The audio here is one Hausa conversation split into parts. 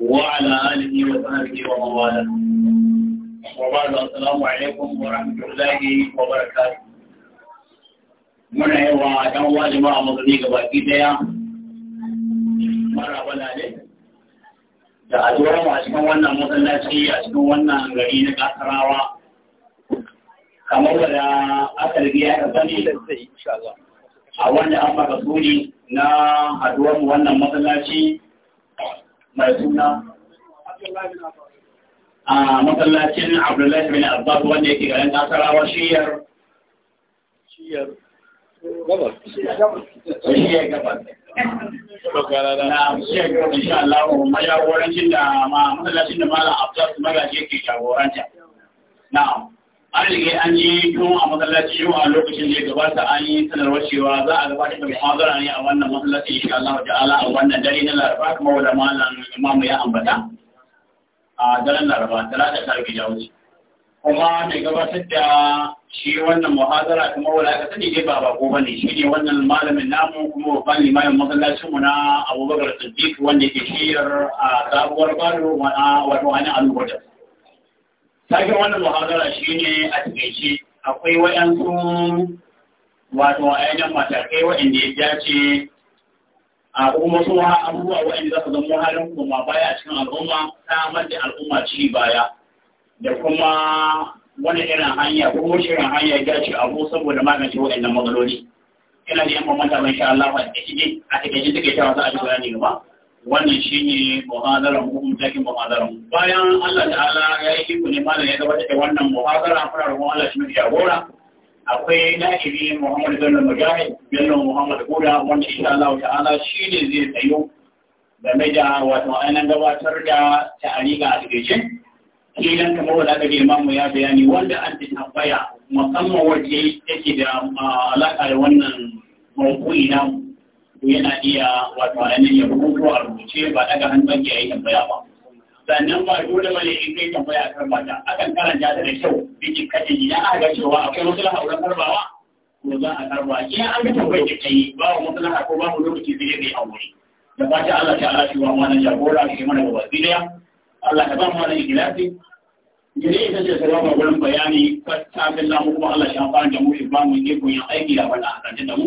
وعلى آله وصحبه ومن وبعد السلام عليكم ورحمة الله وبركاته muna yi wa ɗan uwa jama'a musulmi ga baki ɗaya da a mu a cikin wannan masallaci a cikin wannan gari na kasarawa kamar da aka riga ya sani a wanda an maka suni na haduwar wannan masallaci mai suna a masallacin abdullahi bin abbas wanda yake garin nasarawa shiyar shiyar gabas shiyar gabas na shiyar gabas insha Allah ma jagorancin da ma masallacin da malam abbas magaji yake jagoranta na'am an rige an yi tun a masallaci yau a lokacin da ya gabata an yi sanarwar cewa za a gabatar da muhazara ne a wannan masallaci shi Allah ala a wannan dare na Laraba kuma wanda malam imamu ya ambata a daren Laraba talata ta rige wuce. kuma mai gabatar da shi wannan muhazara kuma wala ka sani dai ba ko bane shi ne wannan malamin namu kuma babban limamin masallacin mu na Abubakar Siddiq wanda ke shiyar a sabuwar Bado wato wani al'ummar Sakin wannan muhadara shi ne a takaice akwai waɗansu wato ainihin matakai waɗanda ya dace a kuma su abubuwa waɗanda za su zama halin kuma baya a cikin al'umma ta da al'umma ci baya da kuma wani irin hanya ko wani irin hanya ya dace ko saboda magance waɗannan matsaloli. Ina da yan mamanta ban sha Allah a cikin a cikin take ta wasu a cikin gaba. wannan shi ne muhadaran hukumtakin muhadaran bayan Allah ta'ala ya yi iko ne malam ya gabatar da wannan muhadara fara ruwan Allah shi ne jagora akwai na'ibi Muhammad Bello Mujahid Bello Muhammad Buda wanda insha Allah ta'ala shi ne zai tsayo game da wato ainihin gabatar da ta'ariga a cikin kilan kuma wanda aka ga imamu ya bayani wanda an ta tambaya musamman wacce yake da ah, alaƙa da wannan mawuyi namu yana iya wato ainihin ya rubuto a rubuce ba daga hannun ya yi tambaya ba sannan ba dole ne in kai tambaya a karba ta akan karanta ta da kyau biki kace idan aka ga cewa akwai maslaha wurin karbawa ko za a karba idan an ga tambayar da kai ba wa maslaha ko ba mu lokaci zai zai hauri da fata Allah ta Allah shi wa mana jagora shi mana gaba daya Allah ta ba mu wannan ikhlasi gare ita ce sababa wurin bayani ta bin lamu kuma Allah shi amfana da mu shi ba mu iko yin aiki da wannan a kan da mu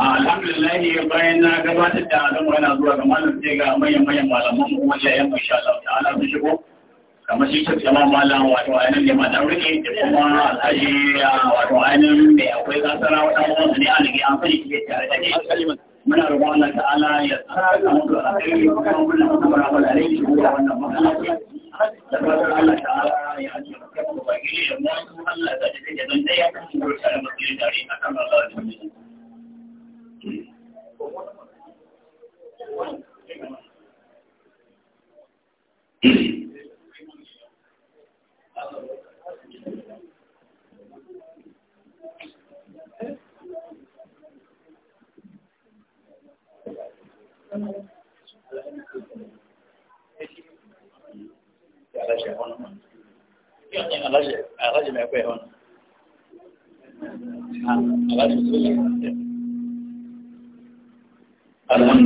Ah, alhamdulillah bayan na gabatar da al'amura zuwa ga malam sai ga manyan manyan malaman kuma yayan mu insha Allah ta'ala sun shigo kamar shi ke jama'a malam wato ainihin ne mata rike da kuma alhaji ah, wato ainihin mai akwai gasara wata wasu ne a ligi an sani ke tare da ke muna roƙon Allah ta'ala ya saka muku alheri kuma muna kuma da da da da mu Thank you. الحمد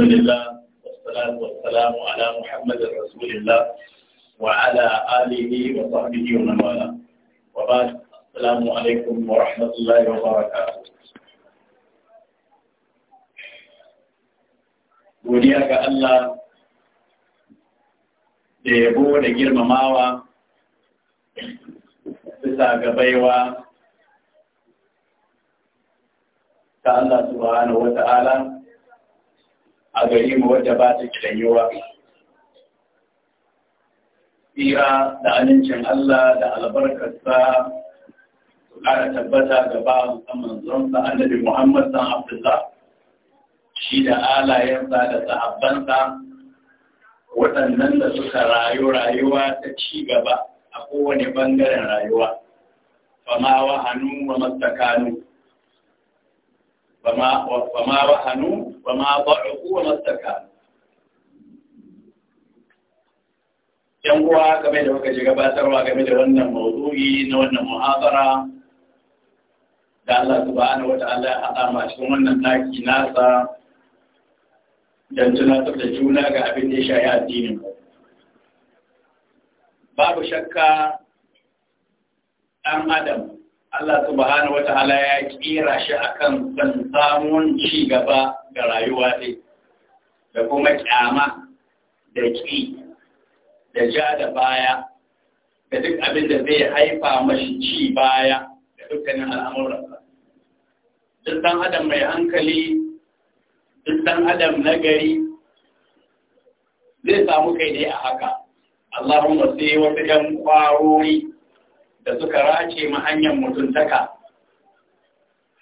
لله والصلاة والسلام على محمد رسول الله وعلى آله وصحبه ومن والاه وبعد السلام عليكم ورحمة الله وبركاته godiya ga Allah da yabo da girmamawa bisa ga baiwa ta Allah subhanahu wa ta'ala a gari mu wadda ba ta kirayuwa. Tsira da amincin Allah da albarkarsa su ƙara tabbata ga ba musamman zuwan sa annabi Muhammad san Abdullah. shi da alayensa da sahabbansa waɗannan da suka rayu rayuwa ta ci gaba a kowane ɓangaren rayuwa ba ma wa hannu ba wahanu fama ba'u wa tsakanu yan uwa game da muka gabatarwa game da wannan mawuzuri na wannan muhabara da Allah subhanahu Allah ya haɗa ma cikin wannan naki, nasa don tunatar da juna ga abin da ya shayi addinin babu shakka ɗan adam Allah subhanahu wa ta'ala ya ƙira shi akan san samun ci gaba ga rayuwa ɗai da kuma kyama da ƙi da ja da baya da duk abin da zai haifa mashi ci baya da dukkanin al'amuransa. Duk ɗan adam mai hankali duk dan adam na gari zai samu kai ne a haka Allahumma sai wasu ɗan ƙwarori da suka race ma hanyar mutuntaka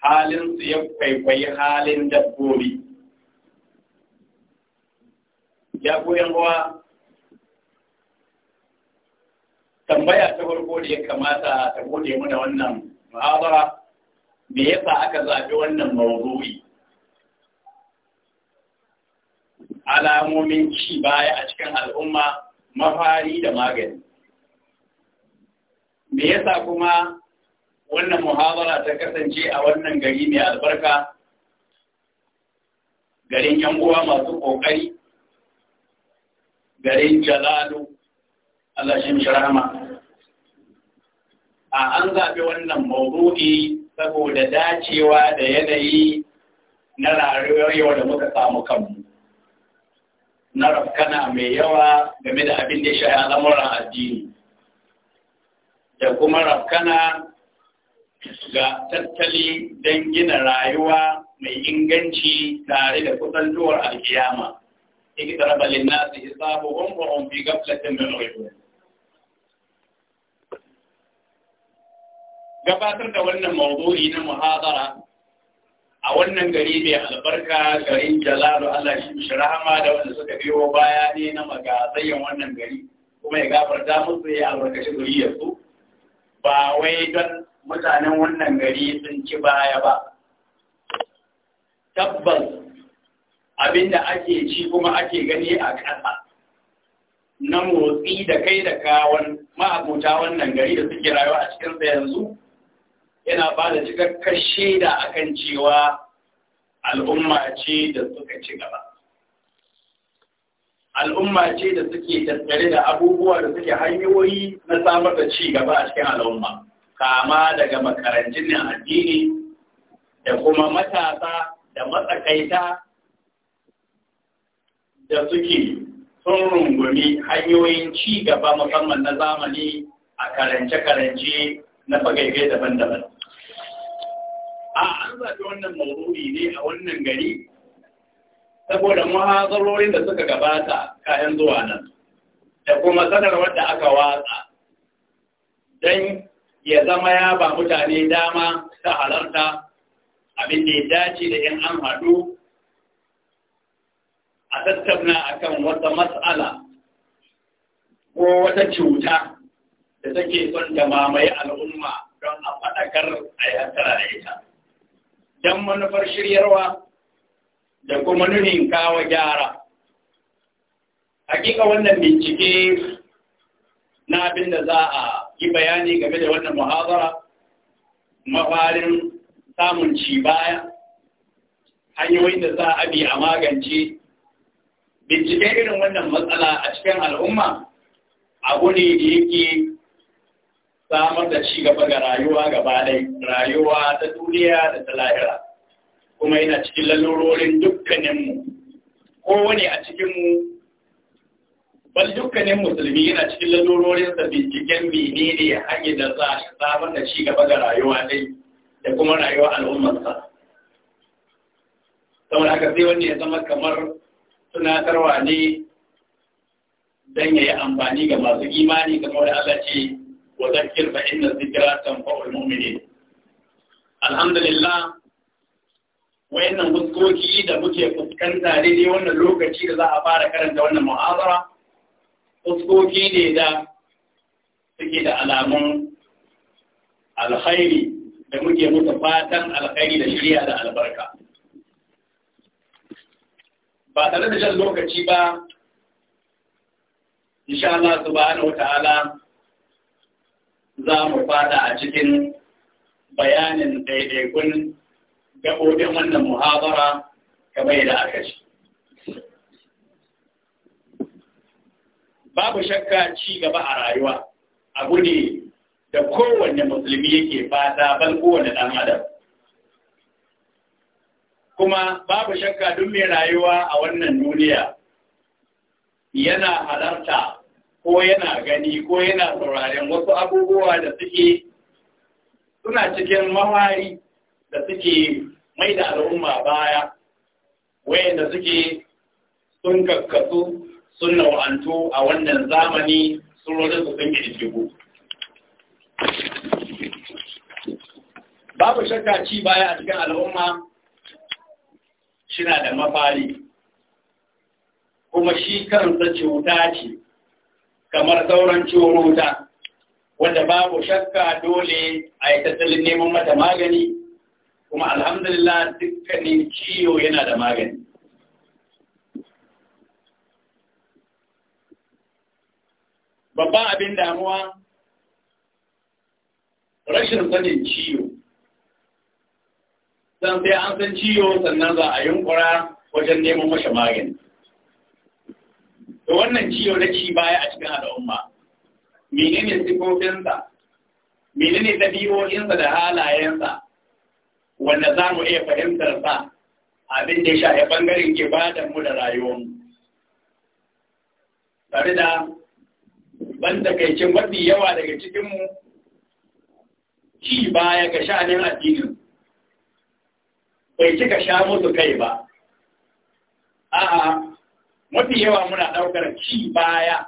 halin su ya kwaikwayi halin dabbobi ya goyon ruwa tambaya ta farko da ya kamata ta gode mana wannan ma'abara me yasa aka zaɓi wannan mawdu'i alamomin ci baya a cikin al'umma mafari da magani. Me yasa kuma wannan muhabara ta kasance a wannan gari mai albarka, garin ‘yan uwa masu ƙoƙari, garin jalalu, Allah shi rahama. A an zaɓi wannan maudu'i saboda dacewa da yanayi na rayuwar da muka samu kanmu. na rafkana mai yawa game da abin da ya shahi al'amuran addini da kuma rafkana ga tattali don gina rayuwa mai inganci tare da kusantowar alkiyama ikitar balin nasu hisabu umurun fi gaflatin min gabatar da wannan mawdu'i na muhadara a wannan gari mai albarka garin jalalu Allah shi shi rahama da wanda suka biyo baya ne na magazayyan wannan gari kuma ya gafarta musu ya albarkaci su ba wai don mutanen wannan gari sun ci baya ba tabbas abinda ake ci kuma ake gani a ƙasa na motsi da kai da kawon ma'abuta wannan gari da suke rayuwa a cikin yanzu yana ba da cikakkar shaida akan cewa al'umma ce da suka ci gaba al'umma ce da suke tattare da abubuwa da suke hanyoyi na samar da ci gaba a cikin al'umma kama daga makarantun addini da kuma matasa da matsakaita da suke sun rungumi hanyoyin ci gaba musamman na zamani a karance-karance na fagaife daban-daban. an zaɓi wannan maudu'i ne a wannan gari saboda muhazarorin da suka gabata kayan zuwa nan da kuma sanarwar da aka watsa don ya zama ya ba mutane dama ta halarta abin da ya dace da ‘yan an haɗu a tattauna akan wata matsala ko wata cuta da take son ta mamaye al'umma don a faɗakar a yi da ita. don manufar shiryarwa da kuma nunin kawo gyara. Hakika wannan bincike na abin da za a yi bayani game da wannan muhazara mafarin samun ci baya, hanyoyin da za a bi a magance. binciken irin wannan matsala a cikin al'umma abu ne da yake samar da ci gaba ga rayuwa gaba dai rayuwa ta duniya da ta lahira kuma yana cikin lalurorin dukkaninmu kowane a cikinmu bal dukkanin musulmi yana cikin lalurorin da binciken menene hanyar da za a samar da ci gaba ga rayuwa dai da kuma rayuwa al'ummarsa saboda haka sai wanda ya zama kamar tunatarwa ne don ya yi amfani ga masu imani kamar da Allah ce وذكر فإن الذكرى تنفع المؤمنين الحمد لله wayannan fuskoki da muke fuskanta daidai wannan lokaci da za a fara karanta wannan mu'azara fuskoki ne da suke da alamun alkhairi da muke musu fatan alkhairi da shirya da albarka ba tare da jan lokaci ba insha Allah subhanahu wata'ala za mu fada a cikin bayanin daidaikun gaɓoɓin wannan muhabara kamar da aka ci. Babu shakka ci gaba a rayuwa abu ne da kowane musulmi yake fata ban kowane ɗan adam. Kuma babu shakka duk mai rayuwa a wannan duniya yana halarta ko yana gani ko yana sauraren wasu abubuwa da suke suna cikin mawari da suke mai da al'umma baya wayanda suke sun kakkasu sun nau'antu a wannan zamani sun rodin su sun kirkigu babu shakka ci baya a cikin al'umma shina da mafari kuma shi kansa cuta ce kamar sauran curuta wanda babu shakka dole a yi tattalin neman mata magani kuma alhamdulillah dukkanin ciwo yana da magani babban abin damuwa rashin sanin ciwo san sai an san ciwo sannan za a yunkura wajen neman mashi magani da wannan ciyo na ci baya a cikin al'umma menene sifofinsa menene ɗabi’o’insa da halayensa wanda za mu iya fahimtar sa abin da ya shafi ke ibadan mu da rayuwarmu tare da ban takaicin mafi yawa daga cikinmu ci baya ga sha'anin addinin bai cika sha musu kai ba a'a mafi yawa muna ɗaukar ci baya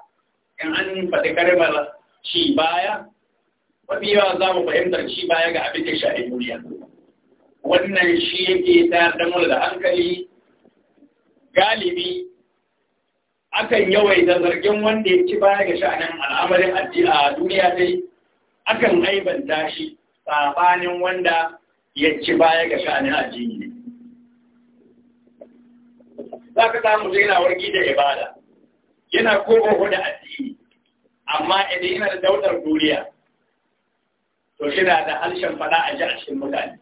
in an faɗi karbar ci baya mafi yawa za mu fahimtar ci baya ga abin da shaɗi duniya wannan shi yake tayar da da hankali galibi akan yawaita zargin wanda ya ci baya ga sha'anin al'amarin a duniya dai akan aibanta shi tsabanin wanda ya ci baya ga sha'anin addini ne za ka samu da yana wargi da ibada yana kogo da addini amma idan yana da daular duniya to shi da harshen fada a ji a cikin mutane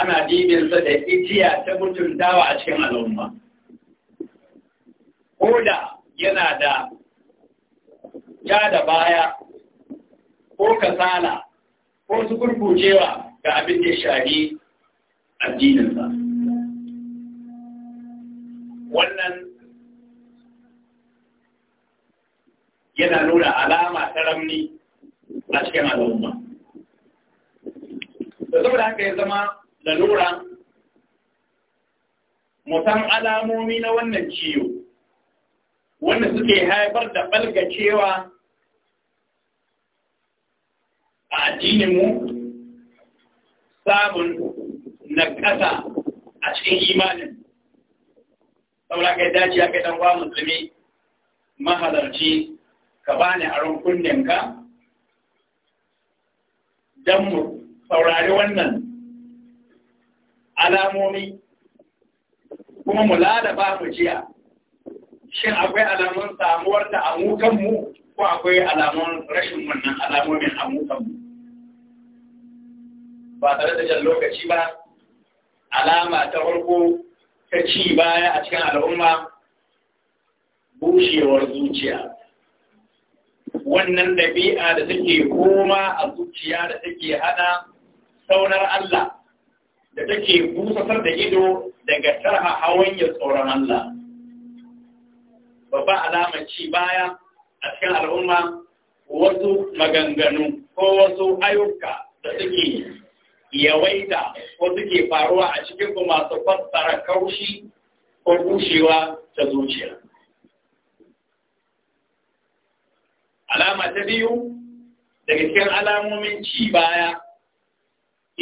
ana dibinsa da itiya ta mutuntawa a cikin al'umma ko da yana da ja da baya ko kasala ko su gurgujewa ga abin da shari addininsa wannan yana nuna alama ta ramni a cikin al'umma. Da saboda haka ya zama lalura, mutan alamomi na wannan ciwo, wanda suke haifar da ɓalgacewa a mu samun na ƙasa a cikin imanin. saboda kai dace ya kai dan uwa musulmi mahalarci ka bani aron kunnen ka dan mu saurari wannan alamomi kuma mu ba mu jiya shin akwai alamun samuwar da amukan mu ko akwai alamun rashin wannan alamomin amukan mu ba tare da jan lokaci ba alama ta farko ta ci baya a cikin al'umma bushewar zuciya wannan ɗabi'a da take koma a zuciya da take hana saunar Allah da take busasar da ido daga tarha hawan ya tsoron Allah babba alama ci baya a cikin al'umma wasu maganganu ko wasu ayyuka da suke yawaita ko suke faruwa a cikin ku masu fassara kaushi ko bushewa ta zuciya. Alama ta biyu daga cikin alamomin ci baya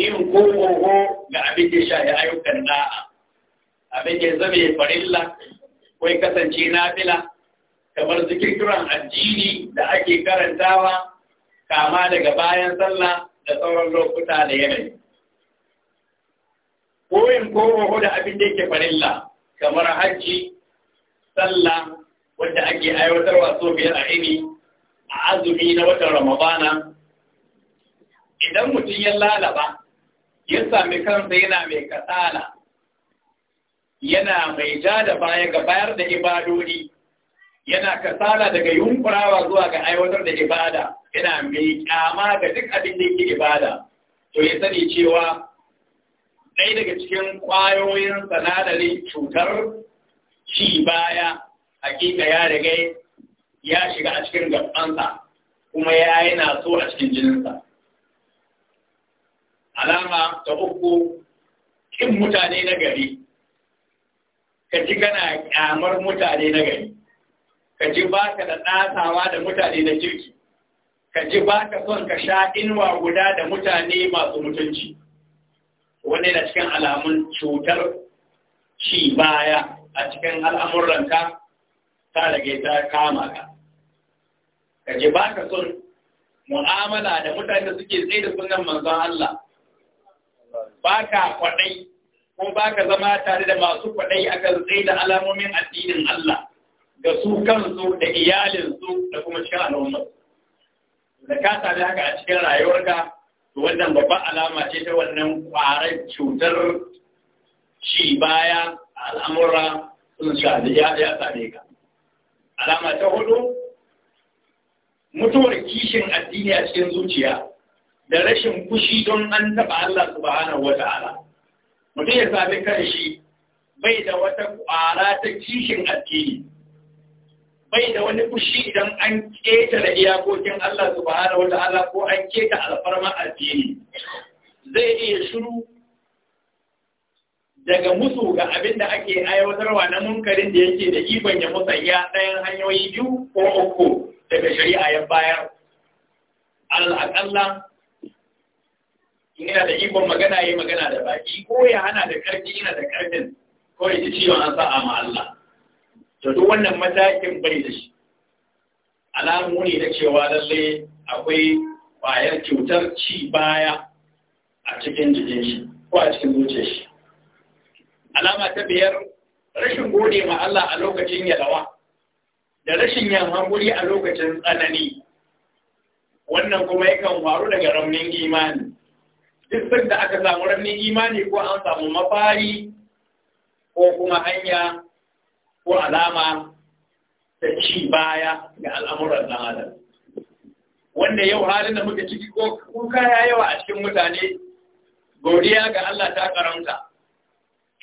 yin kogogo ga abin da shafi ayyukan da'a, abin da ya farilla ko ya kasance nafila kamar zikirkiran addini da ake karantawa kama daga bayan sallah da sauran lokuta da yanayi. ko yin ko da abin da yake farilla kamar hajji sallah wanda ake aiwatarwa so biyar a ini a azumi na watan ramadana idan mutum ya lalaba ya sami kansa yana mai kasala yana mai ja da baya ga bayar da ibadodi yana kasala daga yunkurawa zuwa ga aiwatar da ibada yana mai kyama ga duk abin da yake ibada to ya sani cewa ɗaya daga cikin ƙwayoyin sanadari cutar ci baya hakika ya riga ya shiga a cikin gabansa kuma ya yana so a cikin jininsa. Alama ta uku, ƙin mutane na gari, ka ji kana ƙyamar mutane na gari, ka ji ba ka da ɗasawa da mutane na kirki, ka ji ba ka son ka sha inuwa guda da mutane masu mutunci. wani na cikin alamun cutar ci baya a cikin al'amuranka ta rage ta kama ka ka ce ba ka son mu'amala da mutane suke tsaye da sunan manzon Allah ba ka kwaɗai ko ba ka zama tare da masu kwaɗai a kan tsaye da alamomin addinin Allah ga su kansu da iyalinsu da kuma cikin al'ummar da ka sami haka a cikin rayuwarka wannan babban alama ce ta wannan kwarar cutar shi baya al'amura sun shaɗi ya ya same ka alama ta hudu mutuwar kishin addini a cikin zuciya da rashin kushi don an taɓa Allah subhanahu wata'ala mutum ya sami kan shi bai da wata ƙwara ta kishin addini bai da wani fushi idan an da iyakokin Allah subhanahu wata'ala ko an keta alfarma addini zai iya shiru daga musu ga abin da ake aiwatarwa na munkarin da yake da iban ya ya ɗayan hanyoyi biyu ko uku daga shari'a ya bayar al'aƙalla ina da ikon magana yi magana da baki ko ya hana da ƙarfi ina da ƙarfin ko ya ci ciwon an sa'a ma Allah to duk wannan matakin bai da shi alamu ne na cewa lalle akwai ƙwayar cutar ci baya a cikin jikin shi ko a cikin zuciyar shi alama ta biyar rashin gode ma Allah a lokacin yalawa da rashin yamma guri a lokacin tsanani wannan kuma yakan faru daga raunin imani duk da aka samu raunin imani ko an samu mafari ko kuma hanya ko alama ta ci baya ga al'amuran ɗan adam wanda yau halin da muka ciki ko kuka ya yawa a cikin mutane godiya ga Allah ta karanta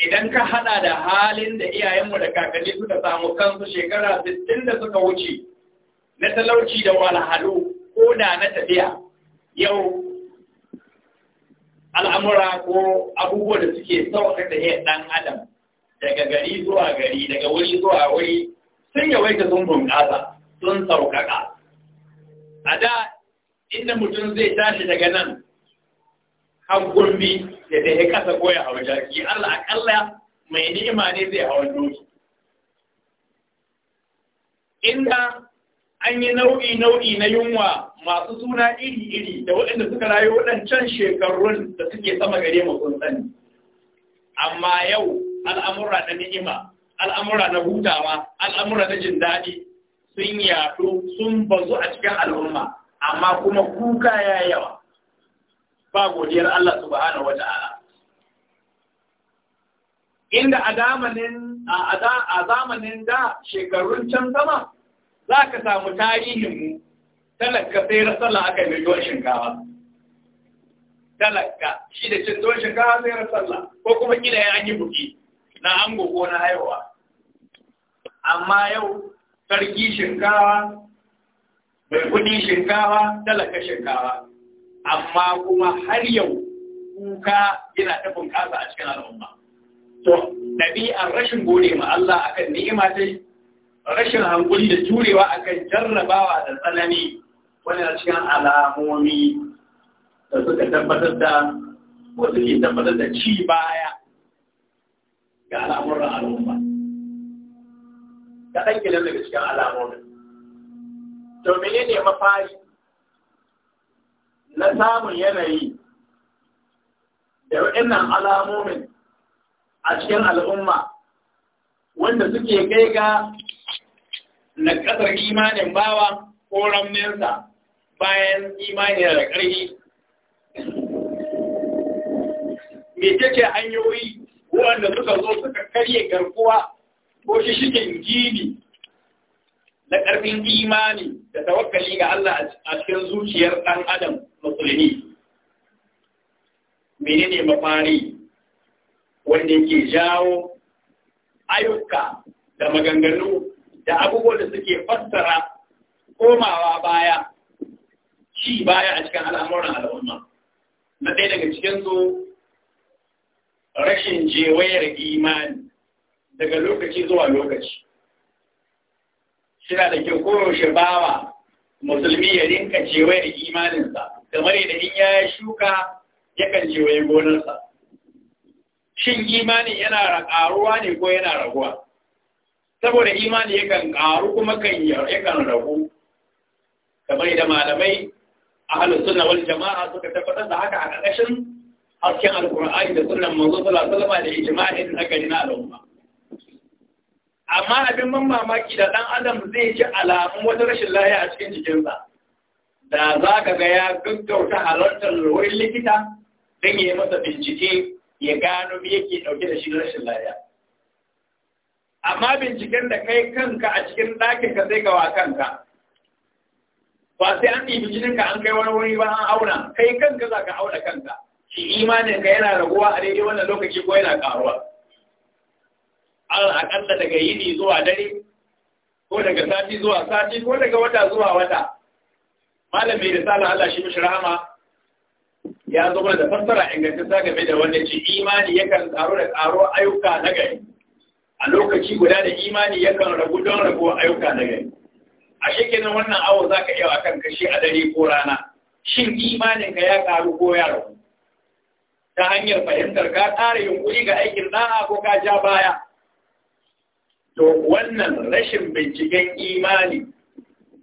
idan ka hada da halin da iyayenmu da kakanni suka samu kansu shekara 60 da suka wuce na talauci da walhalu ko da na tafiya yau al'amura ko abubuwa da suke sauƙaƙa da ɗan adam daga gari zuwa gari daga wuri zuwa wuri sun yawaita sun bunƙasa sun sauƙaƙa a da inda mutum zai tashi daga nan har gurbi da ta yi ƙasa ko ya hau jaki Allah aƙalla mai ni'ima ne zai hau doki inda an yi nau'i-nau'i na yunwa masu suna iri-iri da waɗanda suka rayu waɗancan shekarun da suke sama gare mu sun sani amma yau al'amura na ni'ima al'amura na hutawa al'amura na jin daɗi sun yaɗo sun bazu a cikin al'umma amma kuma kuka ya yawa ba godiyar Allah ba'ana wata ala. inda a zamanin a zamanin da shekarun can sama za ka samu tarihinmu talaka sai rasala aka yi miliyon shinkawa talaka shi da cin tuwon shinkawa sai rasalla ko kuma kila ya yi buki na ango ko na haihuwa amma yau sarki shinkawa mai kudi shinkawa talaka shinkawa amma kuma har yau kuka yana ta bunƙasa a cikin al'umma to ɗabi'ar rashin gode ma Allah akan ni'ima ce rashin hankuli da jurewa akan jarrabawa da tsanani wani a cikin alamomi da suka tabbatar da wasu ke tabbatar da ci baya ga alamurra al'umma da ɗan daga cikin al'amuran to menene mafari na samun yanayi da waɗannan alamomin a cikin al'umma wanda suke kai ga na ƙasar imanin bawa ko ramninsa bayan imani da ƙarfi. Me ce hanyoyi wanda suka zo suka karye garkuwa ko shi shigen gini na ƙarfin imani da tawakkali ga Allah a cikin zuciyar ɗan adam musulmi menene mafari wanda yake jawo ayyuka da maganganu da abubuwan da suke fassara komawa baya ci baya a cikin al'amuran al'umma na ɗaya daga cikin su rashin jewayar imani daga lokaci zuwa lokaci suna da ke koyaushe bawa musulmi ya rinka jewayar imaninsa kamar yadda in ya shuka yakan jewaye gonarsa shin imani yana ƙaruwa ne ko yana raguwa saboda imani yakan ƙaru kuma kan yakan ragu kamar da malamai a na wani jama'a suka tabbatar da haka a ƙarƙashin hasken alkur'ani da sunan manzo sallallahu alaihi da ijma'in na gari na al'umma amma abin ban mamaki da dan adam zai ji alamun wata rashin lafiya a cikin jikinsa da za ka ga ya gaggauta halartar wurin likita don ya yi masa bincike ya gano me yake dauke da shi rashin lafiya amma binciken da kai kanka a cikin ɗakin ka sai gawa kanka ba sai an ɗibi jininka an kai wani wuri ba an auna kai kanka za ka auna kanka shi imanin ka yana raguwa a daidai wannan lokaci ko yana karuwa an akalla daga yini zuwa dare ko daga sati zuwa sati ko daga wata zuwa wata malami da sala Allah shi mishi rahama ya zama da fassara sa game da wanda ci, imani yakan karu da karuwa ayyuka na gari a lokaci guda da imani yakan ragu don ragu ayyuka na gari a shekinan wannan awo za ka iya akan kashi a dare ko rana shin imaninka ya karu ko ya ragu ta hanyar fahimtar ka tsara yunkuri ga aikin da'a ko ka ja baya to wannan rashin binciken imani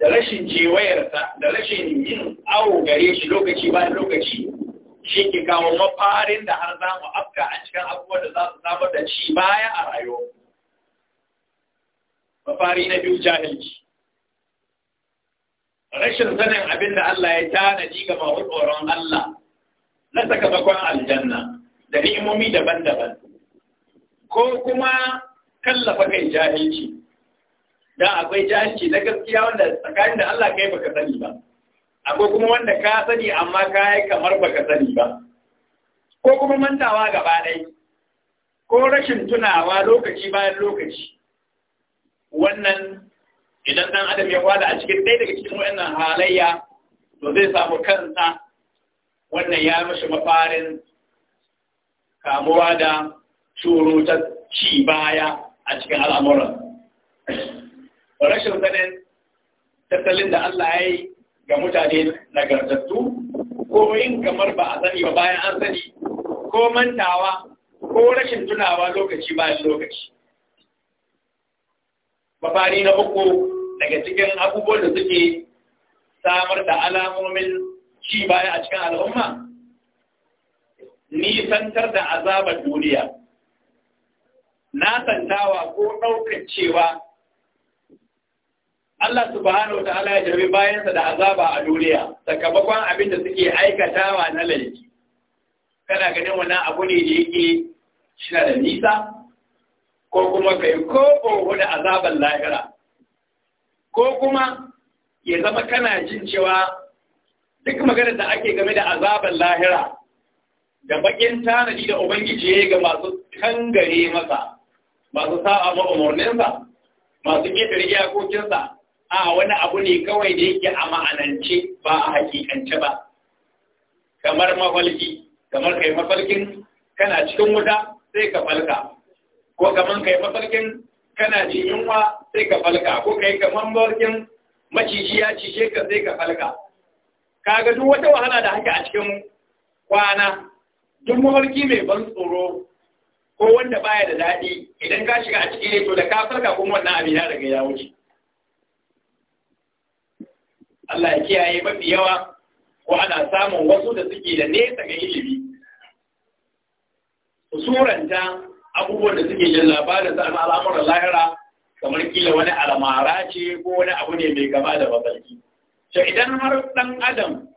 da rashin cewayarsa da rashin yin awo gare shi lokaci bayan lokaci shi ke kawo mafarin da har za mu afka a cikin abubuwan da za su samar da ci baya a rayuwa. Mafari na biyu jahilci. Rashin sanin abin da Allah ya tanadi ga masu tsoron Allah na sakamakon aljanna da ni'imomi daban-daban ko kuma kallafa kai jahilci da akwai jahilci na gaskiya wanda tsakanin da Allah kai baka sani ba akwai kuma wanda ka sani amma ka yi kamar baka sani ba ko kuma mantawa gaba ɗaya ko rashin tunawa lokaci bayan lokaci wannan idan ɗan adam ya kwada a cikin ɗaya daga cikin wayannan halayya to zai samu kansa wannan ya mashi mafarin kamuwa da ta ci baya a cikin al'amuran. Rashin sanin tattalin da Allah ya yi ga mutane nagartattu, ko yin kamar ba a sani ba bayan an sani, ko mantawa, ko rashin tunawa lokaci bayan lokaci. Mafari na uku daga cikin abubuwan da suke samar da alamomin ci baya a cikin al'umma nisantar da azabar duniya na santawa ko ɗaukar cewa Allah subhanahu ta'ala ya jarbi bayansa da azaba a duniya sakamakon abin da suke aikatawa na laifi kana ganin wannan abu ne da yake shi da nisa ko kuma kai ko oho da azaban lahira ko kuma ya zama kana jin cewa duk magana da ake game da azabar lahira da bakin tanadi da ubangiji ya ga masu kangare masa masu sa'a ma umarninsa masu ƙetare iyakokinsa a wani abu ne kawai da yake a ma'anance ba a hakikance ba kamar mafalki kamar kai mafalkin kana cikin wuta sai ka falka ko kamar kai mafalkin kana jin yunwa sai ka falka ko kai kamar mafalkin maciji ya cije ka sai ka falka kaga duk wata wahala da haka a cikin kwana duk mafarki mai ban tsoro ko wanda baya da daɗi idan ka shiga a cikin ne to da ka farka kuma wannan abin ya daga ya wuce Allah ya kiyaye mafi yawa ko ana samun wasu da suke da nesa ga ilimi su suranta abubuwan da suke jin labarin sa alamar al'amuran lahira kamar kila wani almara ce ko wani abu ne mai gaba da mafarki to idan har ɗan adam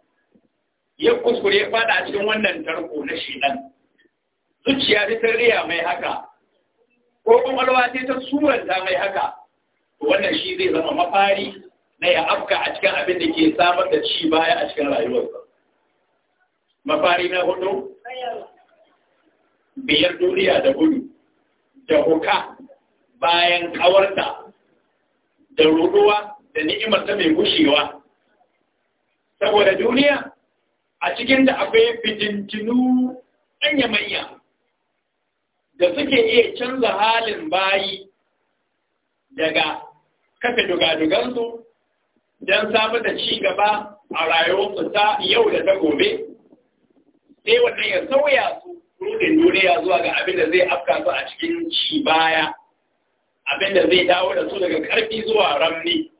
ya kuskure fada cikin wannan tarko na shedan zuciya ta tarriya mai haka ko kuma ce ta suranta mai haka wannan shi zai zama mafari na ya afka a cikin abin da ke samar da ci baya a cikin rayuwarsa mafari na hudu biyar duniya da gudu da huka bayan kawarta da ruduwa da ni'imar ta mai gushewa saboda duniya a cikin da akwai fitintinu manya-manya da suke iya canza halin bayi daga kafe dugadugansu don samar da ci gaba a rayuwarsu ta yau da ta gobe sai wannan ya sauya su rudin duniya zuwa ga abin da zai afka su a cikin ci baya abin da zai dawo da su daga ƙarfi zuwa ramni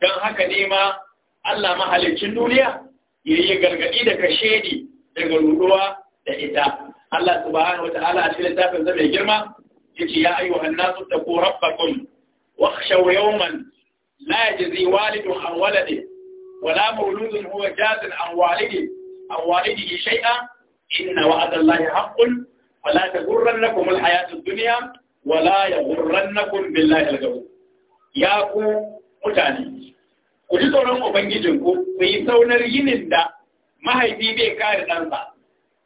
don haka nema Allah mahalicin duniya yayi gargadi da kashedi daga ruduwa da ita Allah subhanahu wataala a cikin littafin zai girma yace ya ayuha an-nasu taqu rabbakum wakhshaw yawman la yajzi walidun an waladi wala mawludun huwa jazin an walidi aw walidihi shay'an inna wa'dallahi haqqun wala tagurrannakum al-hayatu ad-dunya wala yaghurrannakum billahi al-ghurur ya ku mutane ku ji tsoron ubangijin ku ku yi saunar yinin da mahaifi bai kare ɗansa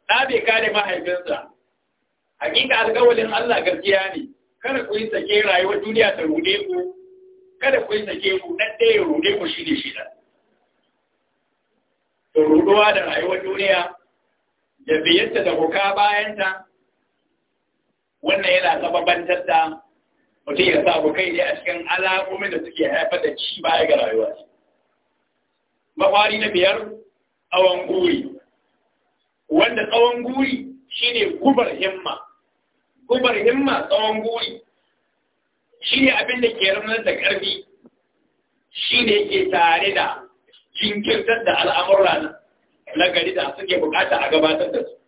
ɗa bai kare mahaifinsa hakika alkawalin Allah gaskiya ne kada ku yi sake rayuwar duniya ta rude ku kada ku yi sake ku ɗan ɗaya rude ku shi ne shi da to ruduwa da rayuwar duniya da biyanta da kuka bayanta wannan yana sababantar da mutum ya sa ku kai ne a cikin alamomin da suke haifar da ci baya ga rayuwa mafari na biyar tsawon guri wanda tsawon guri shine gubar himma gubar himma tsawon guri shine abin da ke ranar da ƙarfi shine ke tare da jinkirtar da al'amurra na gari da suke bukata a gabatar da su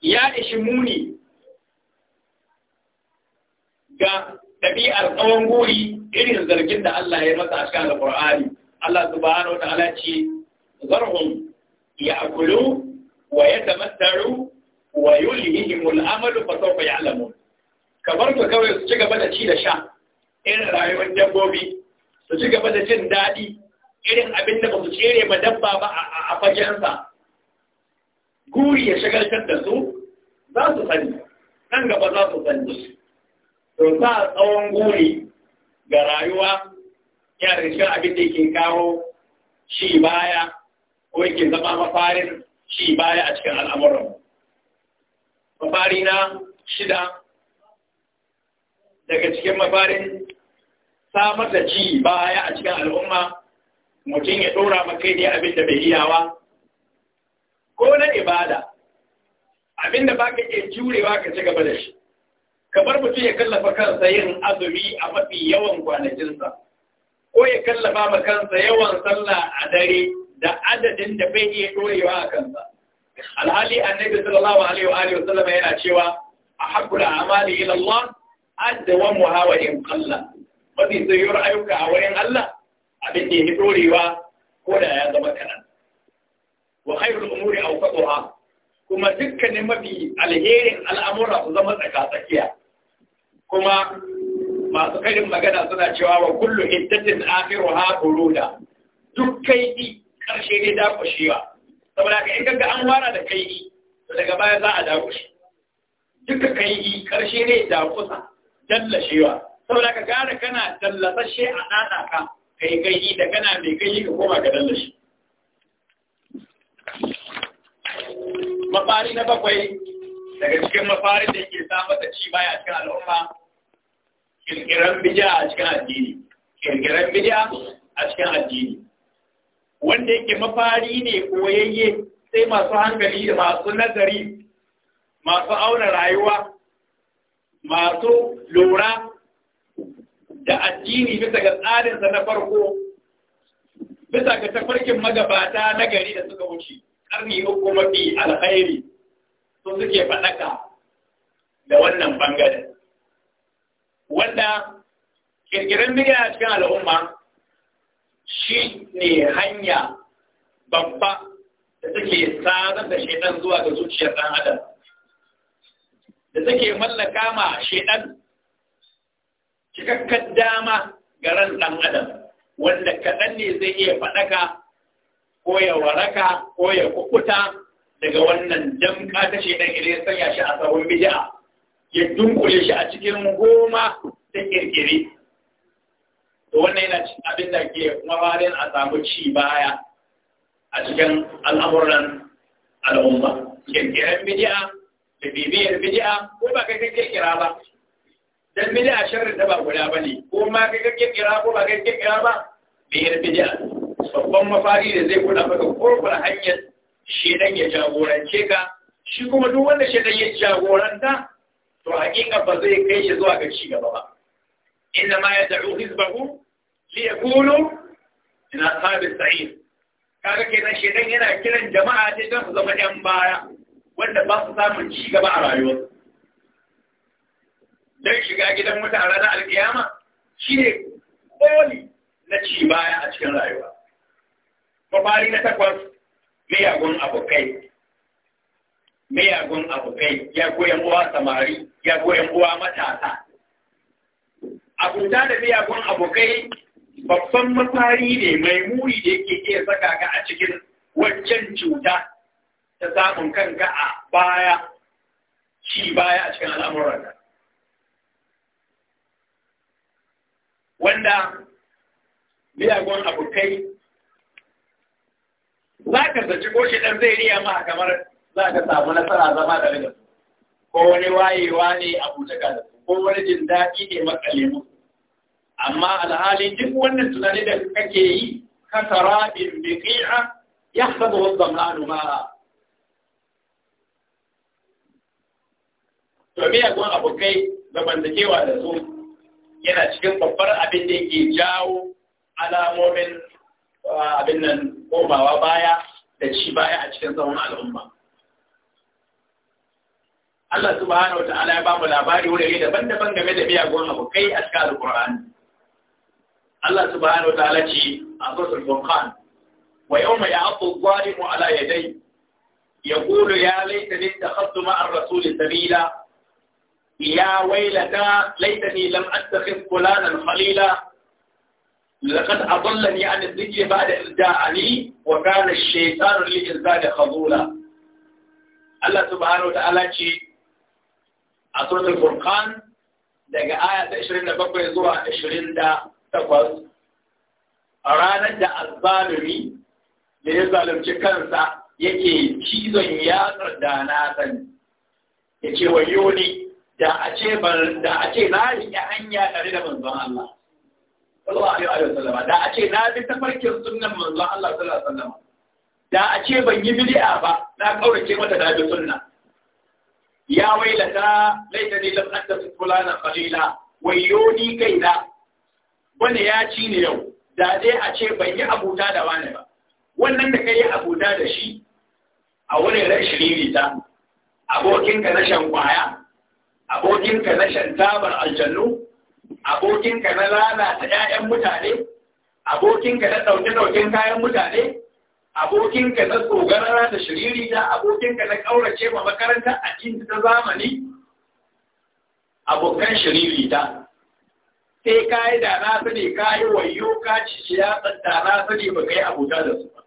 ya ishi muni ga ɗabi'ar tsawon guri irin zargin da Allah ya masa a cikin alƙur'ani Allah subhanahu wa ta'ala ce zarhum ya'kulu wa yatamattaru wa yulhihim al-amal fa sawfa ya'lamun kamar ka kawai su ci gaba da ci da sha irin rayuwar dabbobi su ci gaba da jin daɗi irin abin da ba su cere ma dabba ba a fagensa guri ya shagaltar da su za su sani nan gaba za su sani to sa tsawon guri ga rayuwa ya rishi abin da yake kawo shi baya ko yake zama mafarin shi baya a cikin al'amuran mafari na shida daga cikin mafarin samar da ci baya a cikin al'umma mutum ya ɗora makai ne abin da bai iyawa ko na ibada abin da baka ke jurewa ka ci gaba da shi kamar mutum ya kallafa kansa yin azumi a mafi yawan kwanakinsa ko ya kallafa ma kansa yawan sallah a dare da adadin da bai iya dorewa a kansa alhali annabi sallallahu alaihi wa alihi yana cewa a hakul amali ila Allah addawamu hawa in qalla mafi tsayuwar ayyuka a wurin Allah abin da ya dorewa ko da ya zama kanan wa khairul umuri awqatuha kuma dukkanin mafi alherin al'amura su zama tsaka tsakiya. kuma masu karin magana suna cewa wa kullu hittatin akhiruha quruda duk kaidi karshe ne da kushewa saboda ka in an wara da kaidi to daga baya za a dawo shi kai kaidi karshe ne da kusa dallashewa saboda ka gara kana dallasashe a dada ka kai kaidi da kana mai yi ka koma ka dallashe mafari na bakwai daga cikin mafarin da ke samar da ci baya cikin al'umma kirkiran bija a cikin addini kirkiran bija a cikin addini wanda yake mafari ne koyayye sai masu hankali da masu nazari masu auna rayuwa masu lura da addini bisa ga tsarinsa na farko bisa ga tafarkin magabata na gari da suka wuce karni uku mafi alkhairi su suke faɗaka da wannan bangaren wanda kirkirin bidiya a cikin al'umma shi ne hanya babba da take tsarar da shaidan zuwa ga zuciyar ɗan adam da take mallaka ma shaidan cikakkar dama ga ran ɗan adam wanda kaɗan ne zai iya faɗaka ko ya waraka ko ya kukuta daga wannan damka ta shaidan idan ya sanya shi a tsawon bidiya ya dunkule shi a cikin goma ta kirkiri to wannan yana abin da ke mafarin a samu ci baya a cikin al'amuran al'umma kirkiren bidi'a da bibiyar bidi'a ko ba kai kai kira ba dan bidi'a sharri da ba guda bane ko ma kai kai kira ko ba kai kake kira ba biyar bidi'a babban mafari da zai kula maka korkul hanyar shedan ya jagorance ka shi kuma duk wanda shedan ya jagoranta to hakika ba zai kai shi zuwa ga ci gaba ba inna ma ya da'u hizbahu li yakunu min ashabis sa'id kaga kenan shedan yana kiran jama'a ce don su zama yan baya wanda ba su samun ci gaba a rayuwarsu don shiga gidan mutane a ranar alkiyama shi koli na ci baya a cikin rayuwa. Mafari na takwas miyagun abokai. miyagun abokai ya goyon uwa samari ya goyon uwa matasa abuta da miyagun abokai babban mafari ne mai muri da yake iya saka ka a cikin wancan cuta ta samun kanka a baya shi baya a cikin al'amuranka wanda miyagun abokai za ka zaci ko shi ɗan zai riya ma kamar za ka samu nasara zama da rigar ko wani wayewa ne a butaka ga su ko wani jin daɗi ne makale mu amma alhali duk wannan tunani da kake yi ka tara in ya yahsabu wadhamanu ma'a to me gwan abokai bandakewa da su yana cikin babbar abin da yake jawo alamomin ah, abin nan komawa baya da ci baya a cikin zaman al'umma Allah subhanahu wata'ala ya bamu labari wurare daban-daban game da miyagun abokai a cikin alkur'an. Allah subhanahu ce a sosar Furkan, wa yau mai ya haɓu gwari ya dai, ya kuru ya laita ne da haɗu ya wailata laita ne an ta fin kulanan falila, lakat a ɓulla ne an zige ba da ilda'ani wa kana shaitanun li'ilza da hazula. Allah subhanahu ce a suratul furqan daga aya ta 27 zuwa 28 a ranar da azzalumi ne ya zalunci kansa yake cizon yatsar da na sani ya ce wa da a ce na riƙe hanya tare da manzon Allah sallallahu alaihi wa sallama da a ce na bi tafarkin sunnan manzon Allah sallallahu alaihi wa sallama da a ce ban yi bid'a ba na kaurace mata da bi sunna ya wailata laitani lam attafi fulana qalila ni kaina wanda ya ci ne yau da dai a ce ban yi abuta da wani ba wannan da kai abuta da shi a wurin rashin ta abokinka na shan kwaya abokinka na shan tabar aljannu abokinka na lalata 'ya'yan mutane abokinka na ɗauke-ɗauken kayan mutane abokinka na tsogarara da shiriri ta abokinka na ƙaurace ma makaranta a cikin ta zamani abokan shiriri ta sai ka yi da na ne ka yi wayo ka ci ya da na ne ba kai abota da su ba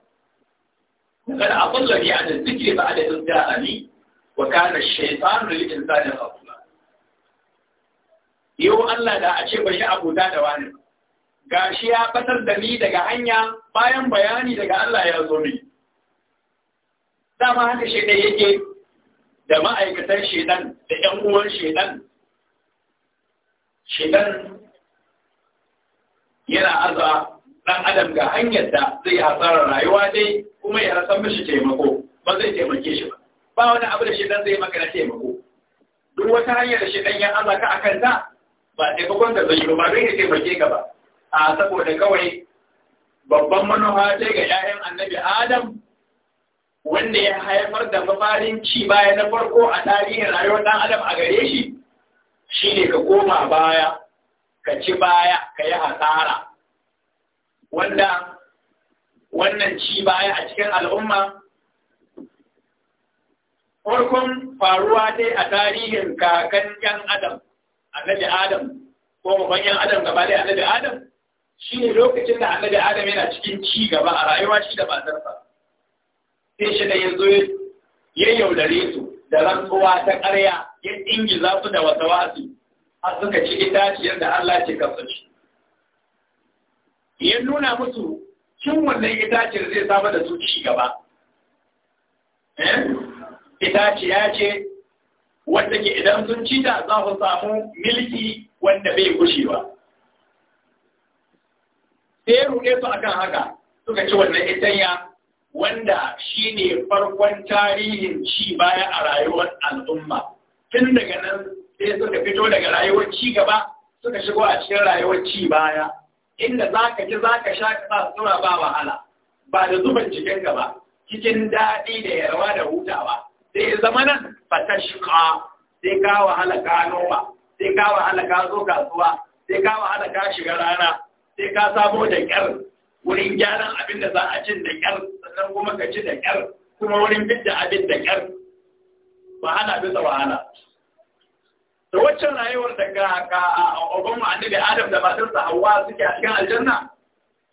kada a kulla ne a da suke ba a da a ne wa kana shaytan lil insani khawfa yau Allah da a ce shi abota da wani ba gashi ya batar da ni daga hanya bayan bayani daga Allah ya zo ni dama haka shedan yake da ma'aikatan shedan da ƴan uwan shedan shedan yana aza ɗan adam ga hanyar da zai hasara rayuwa dai kuma ya rasa mishi taimako ba zai taimake shi ba ba wani abu da shedan zai maka na taimako duk wata hanyar da shedan ya aza ka akan ta ba taimakon da zai yi ba zai taimake ka ba a saboda kawai babban manufa ce ga 'ya'yan annabi adam wanda ya haifar da mafarin ci baya na farko a tarihin rayuwar ɗan adam a gare shi shine ka koma baya ka ci baya ka yi hasara wanda wannan ci baya a cikin al'umma farkon faruwa dai a tarihin kakan 'yan adam annabi adam ko babban 'yan adam gaba da annabi adam shi ne lokacin da annabi adam yana cikin ci gaba a rayuwa shi da matarsa sai shi da yanzu ya yaudare su da rantsuwa ta ƙarya ya za su da wata wasu har suka ci itaciyar da Allah ce kansa shi ya nuna musu cin wannan itaciyar zai samar da su ci gaba eh? itaciya ce wadda ke idan sun ci ta za su samu milki wanda bai kushewa. sai ya ruɗe su akan haka suka ci wannan itanya wanda shine farkon tarihin ci baya a rayuwar al'umma tun daga nan sai suka fito daga rayuwar ci gaba suka shigo a cikin rayuwar ci baya inda za ka ci za ka sha ka sa ba wahala ba da zuban cikin gaba, cikin daɗi da yarwa da hutawa sai ya zama nan fatashka sai ka wahala ka noma sai ka wahala ka zo kasuwa sai ka wahala ka shiga rana sai ka samo da ƙyar wurin gyaran abin da za a cin da ƙyar sannan kuma ka ci da ƙyar kuma wurin fidda abin da ƙyar wahala bisa wahala da waccan rayuwar da ga ka obama annabi adam da matarsa hawa suke a cikin aljanna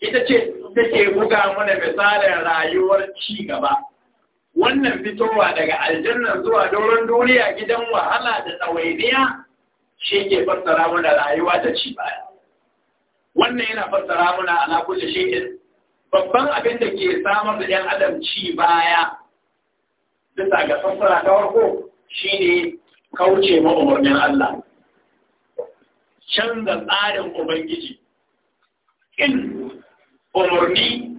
ita ce take buga mana misalin rayuwar ci gaba wannan fitowa daga aljanna zuwa doron duniya gidan wahala da tsawainiya shi ke fassara mana rayuwa ta ci baya wannan yana fassara muna ala kulli shay'in babban abin da ke samar da ɗan adam ci baya bisa ga fassara ta farko shine kauce ma umarnin Allah canza tsarin ubangiji in umarni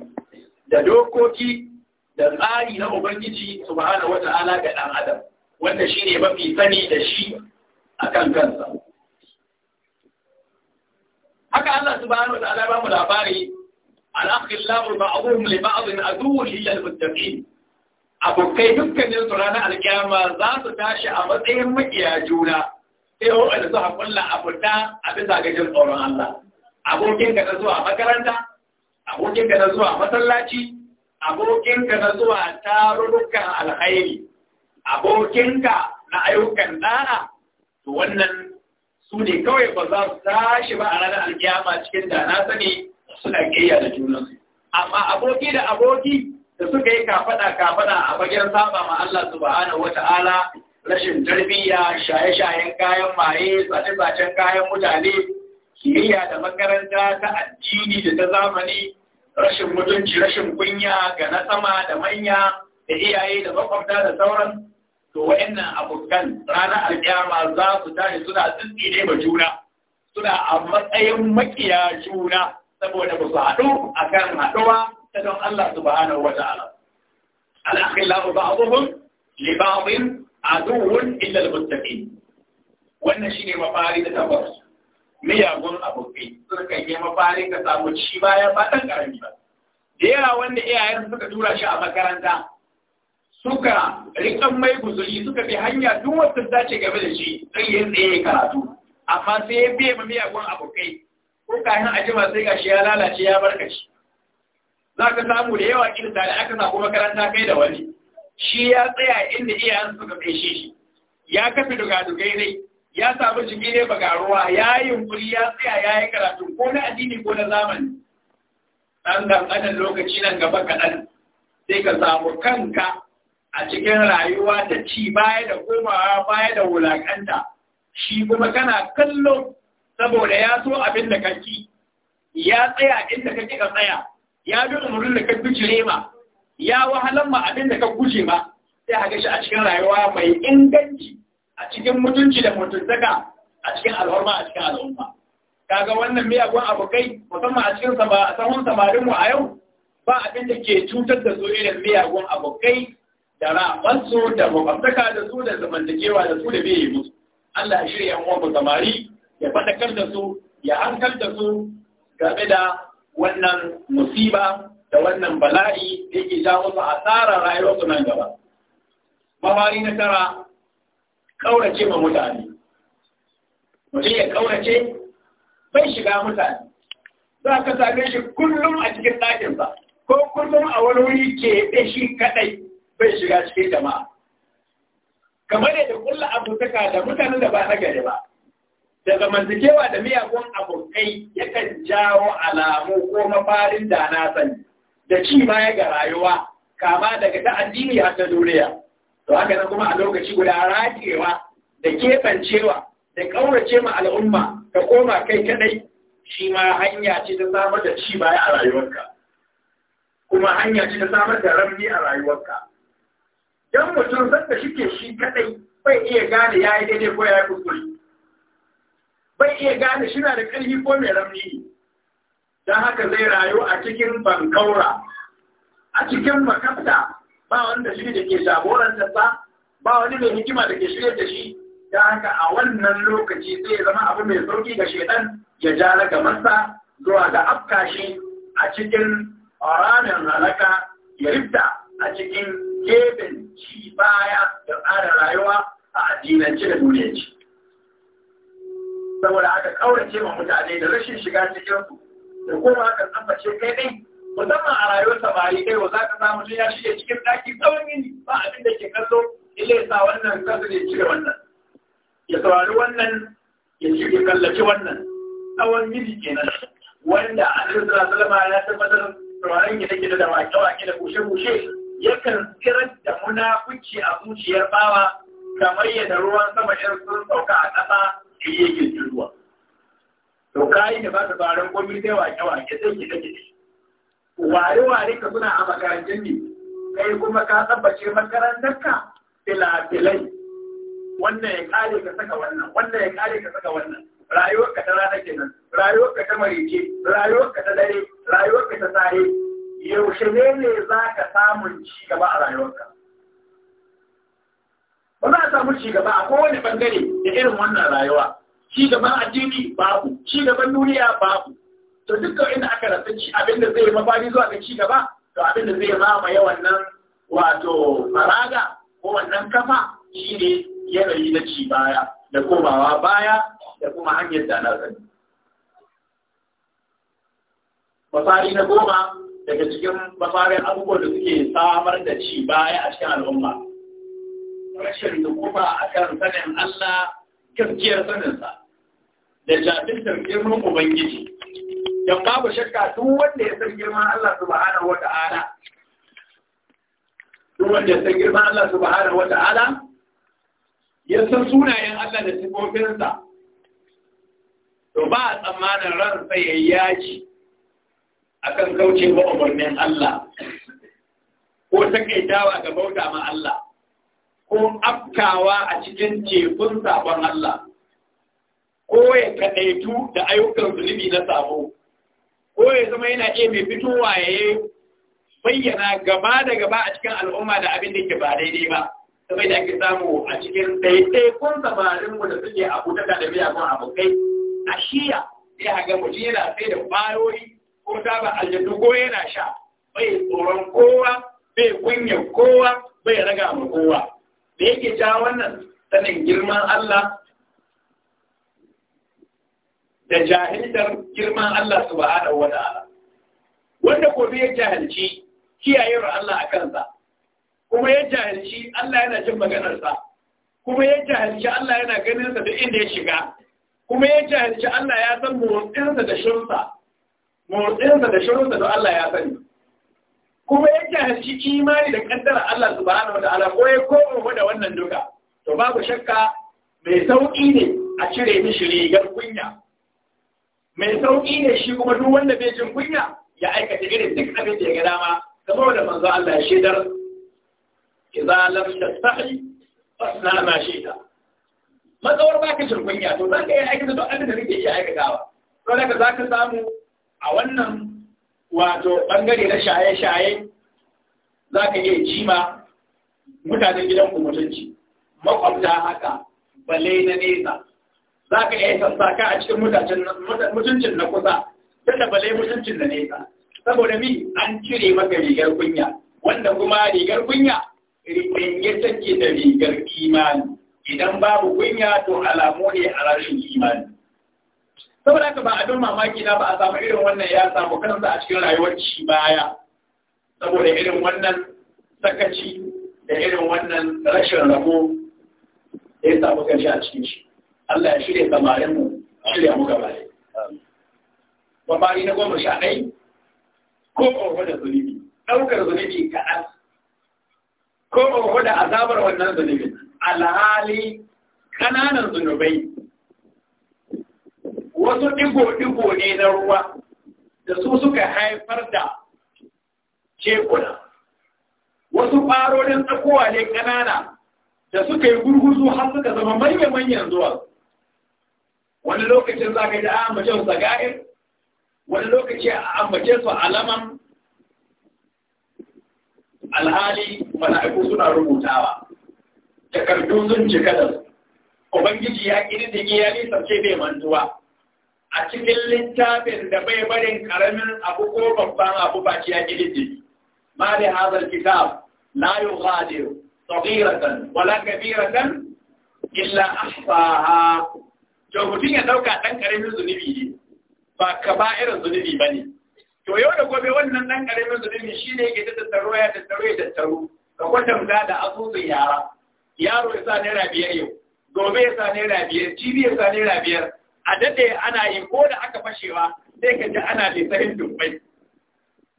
da dokoki da tsari na ubangiji subhanahu wata'ala ga ɗan adam wanda shine mafi sani da shi akan kansa haka Allah subhanahu wa ta'ala ba mu labari al-akhillahu ba'dhum li ba'dhin aduwwun lil muttaqin abokai dukkanin su ranar alkiyama za su tashi a matsayin makiya juna sai wanda suka kulla abuta a bisa ga jin tsoron Allah abokin ka na zuwa makaranta abokin ka na zuwa masallaci abokin ka na zuwa tarurrukan alkhairi abokin ka na ayyukan da'a to wannan su ne kawai ba za su tashi ba a ranar alkiyama cikin da na sani suna ƙiyya da junansu amma aboki da aboki da suka yi kafaɗa kafaɗa a bagen saba ma Allah subhanahu wata'ala rashin tarbiyya shaye-shayen kayan maye tsace-tsacen kayan mutane kiyayya da makaranta ta addini da ta zamani rashin mutunci rashin kunya ga na sama da manya da iyaye da makwabta da sauran to wa'annan abokan ranar alƙiyama za su tashi suna tsitsi ne ba juna suna a matsayin makiya juna saboda ba su haɗu a kan haɗuwa ta don Allah subhanahu wa ta'ala al-akhillahu ba'dhum li ba'dhin aduwwun illa al-muttaqin wannan shine mafari da tabbas miyagun abokai kan yi mafari ka samu ci baya ba dan karami ba da yawa wanda iyayen suka tura shi a makaranta suka rikan mai guzuri suka fi hanya duk wata zace gaba da shi sai yin tsaye karatu amma sai ya biya ma miyagun abokai ko kayan ajima sai gashi ya lalace ya barkaci za ka samu da yawa ƙin da aka samu makaranta kai da wani shi ya tsaya inda iyayen suka kai shi ya kafi dugadugai ne ya samu jiki ne baga ruwa ya yi yunkuri ya tsaya ya yi karatu ko na addini ko na zamani ɗan ɗan lokaci nan gaba kaɗan sai ka samu kanka a cikin rayuwa da ci baya da komawa baya da wulakanta shi kuma kana kallo saboda ya so abin da kaki ya tsaya inda kake ka tsaya ya bi umurin da ka bijire ma ya wahalar ma abin da ka guje ma sai a gashi a cikin rayuwa mai inganci a cikin mutunci da mutuntaka a cikin al'umma a cikin al'umma kaga wannan miyagun abokai musamman a cikin sahun samarin mu a yau ba abin da ke cutar da zo irin miyagun abokai da rabansu da makwabtaka da su da zamantakewa da su da bai yi musu Allah shirya yan uwan samari ya fadakar da su ya hankal da su game da wannan musiba da wannan bala'i da yake ja musu asarar rayuwarsu nan gaba mafari na tara kaurace ma mutane mutum ya kaurace bai shiga mutane za ka same shi kullum a cikin ɗakinsa ko kullum a wani wuri ke shi kaɗai bai shiga cikin jama'a kamar yadda kulla abutaka da mutanen da ba na gari ba da zamantakewa da miyagun abokai yakan jawo alamu ko mafarin da na sani da ci baya ga rayuwa kama daga ta addini har ta duniya to haka nan kuma a lokaci guda rakewa da keɓancewa da ƙaurace ma al'umma ka koma kai kadai shi ma hanya ce ta samar da ci baya a rayuwarka kuma hanya ce ta samar da ramni a rayuwarka yan mutum sanda da shike shi kadai bai iya gane ya yi daidai ko ya yi kuskure bai iya gane shi na da ƙarfi ko mai ramni don haka zai rayu a cikin bankaura a cikin makabta, ba wanda shi da ke shagorantar sa ba wani mai hikima da ke shirya da shi don haka a wannan lokaci zai zama abu mai sauki ga shaidan ya ja na gabansa zuwa ga afkashi a cikin ranar halaka ya rifta a cikin gefen ci baya da tsara rayuwa a addinance da duniyanci. Saboda aka kaurace ma mutane da rashin shiga cikinsu da kuma aka tsammace kai ɗin musamman a rayuwar samari kai wa za ka samu ya shige cikin ɗaki tsawon yini ba abin da ke kallo ile ya sa wannan kansu ne cire wannan ya saurari wannan ya shige kallaci wannan tsawon yini kenan wanda a sallallahu alaihi wasallam ya tabbatar sauraron gida-gida da wake-wake da bushe-bushe yakan tsirar da munafuci a zuciyar bawa kamar yadda ruwan sama ɗin sun sauka a ƙasa shi yi ruwa. To kayi da ba dabarun gomi sai wake wake zai ki kake ne. Ware ware ka suna a makarantar ne kai kuma ka tabbace makarantar ka filafilai. Wannan ya kare ka saka wannan, wannan ya kare ka saka wannan. Rayuwar ka ta rana kenan, rayuwar ka ta marice, rayuwar ka ta dare, rayuwar ka ta sare, yaushe ne ne za ka samun ci gaba a rayuwarka ba za a samu ci gaba a kowane bangare da irin wannan rayuwa ci gaban addini babu ci gaban duniya babu to dukkan inda aka rasa abinda zai yi mafari zuwa ga ci gaba to abinda zai mamaye wannan wato faraga ko wannan kafa shi ne yanayi na ci baya da komawa baya da kuma hanyar da na sani. Mafari na goma daga cikin mafarin abubuwan da suke samar da ci baya a cikin al'umma rashin kuma a kan sanin Allah gaskiyar saninsa da jajirtar girman Ubangiji don babu shakka duk wanda ya san girman Allah ba'ana wa ta'ala duk wanda ya san girman Allah ba'ana wa ta'ala ya san sunayen Allah da sifofinsa to ba a tsammanin ran sai ya yaji akan kauce wa umarnin Allah ko ta dawa ga bauta ma Allah ko afkawa a cikin tekun sabon Allah ko ya kadaitu da ayyukan zunubi na sabo ko ya zama yana iya mai fitowa ya yi bayyana gaba da gaba a cikin al'umma da abin da ke ba daidai ba saboda ake samu a cikin ɗaiɗaikun samarin mu da suke abu ta da miyagun abokai a shiya sai haga mutum yana sai da ƙwayoyi ko a aljannu ko yana sha bai tsoron kowa bai kunya kowa bai raga mu kowa da yake ja wannan sanin girman Allah da jahiltar girman Allah subhanahu wa ta'ala wanda ko ya jahilci wa Allah a kansa kuma ya jahilci Allah yana jin maganarsa kuma ya jahilci Allah yana ganinsa da inda ya shiga kuma ya jahilci Allah ya san motsinsa da shirsa motsinsa da shirinsa da Allah ya sani kuma ya jahilci imani da kaddara Allah subhanahu wa ta'ala ko ya da wannan duka to babu shakka mai sauƙi ne a cire mishi rigar kunya mai sauƙi ne shi kuma duk wanda bai jin kunya ya aikata irin duk abin da ya ga dama kamar da manzo Allah ya shaidar Ki idza lam tastahi na ma shaida matsawar ka jin kunya to zaka iya aikata duk abin da nake iya aikatawa ka za ka samu a wannan wato bangare na shaye-shaye za ka iya cima mutanen gidan ku makwabta haka balai na nesa za ka iya sassaka a cikin mutuncin na kusa tunda balai mutuncin na nesa saboda mi an cire maka rigar kunya wanda kuma rigar kunya ya take da rigar imani idan babu kunya to alamu ne a rashin imani saboda haka ba abin mamaki na ba a samu irin wannan ya samu kansa a cikin rayuwar shi baya saboda irin wannan sakaci da irin wannan rashin rabo da ya samu kanshi a cikin shi Allah ya shirya samarin mu shirya mu gaba ne babari na goma sha ɗai ko ƙorho da zunubi ɗaukar zunubi kaɗan ko ƙorho da azabar wannan zunubin alhali ƙananan zunubai wasu ɗigo-ɗigo ne na ruwa da su suka haifar da cekuna wasu farorin tsakowa ne ƙanana da suka yi gurguzu har suka zama manya-manyan zuwa wani lokacin za ka ji a ambacin saga'ir wani lokacin a ambace su alaman alhali mala'iku suna rubutawa takardun sun cika da su ubangiji ya ƙi da ya nisance bai mantuwa a cikin littafin da bai barin karamin abu ko babban abu ba ciya kiliti ma da hazar kitab la yughadiru saghiratan wala kabiratan illa ahsaha to mutum ya dauka ɗan karamin zunubi ne ba ka ba irin zunubi ba ne. to yau da gobe wannan ɗan karamin zunubi shine yake da tattaro ya tattaro ya tattaro ka kwatanta da asusun yara yaro ya sa naira biyar yau gobe ya sa naira biyar jibi ya sa naira biyar a dade ana yi ko da aka fashewa sai ka ji ana sahin dubbai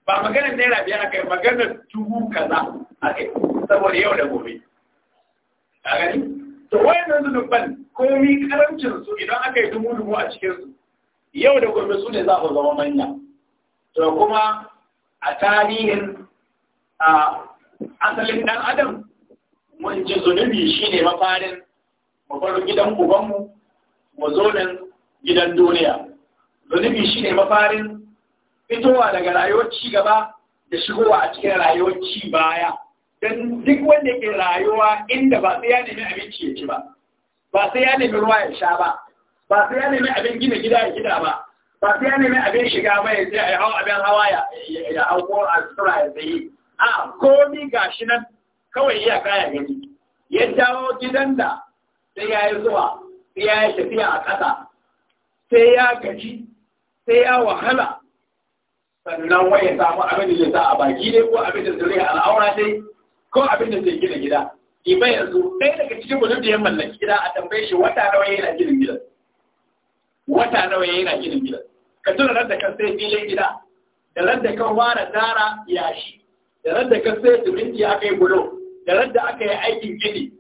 ba maganar naira biyar aka yi maganar dubu kaza a kai, saboda yau da gobe a gani to su dubban komi karancin su idan aka yi dubu dubu a cikin su yau da gobe su ne za ku zama manya to kuma a tarihin a asalin dan adam mun ji zunubi shine mafarin mafarin gidan ubanmu mu zo nan gidan duniya zunubi shi ne mafarin fitowa daga rayuwar ci gaba da shigowa a cikin rayuwar ci baya don duk wanda ke rayuwa inda ba sai ya nemi abinci ya ci ba ba sai ya nemi ruwa ya sha ba ba sai ya nemi abin gina gida ya gida ba ba sai ya nemi abin shiga ba ya ya hau abin hawa ya hau a sura ya tsaye a komi shi nan kawai iya kaya gani ya dawo gidan da sai ya yi zuwa sai ya yi tafiya a ƙasa sai ya gaji sai ya wahala sannan waye ya samu abin da zai sa a baki ne ko abin da zai al'aura ne ko abin da zai gina gida ima yanzu ɗaya daga cikin mutum da ya mallaki gida a tambaye shi wata nawa yana ginin gidan wata nawa yana ginin gidan ka tuna ran da kan sai filin gida da ran da ka fara tara yashi da ran da kan sai siminti aka yi bulo da ran da aka yi aikin gini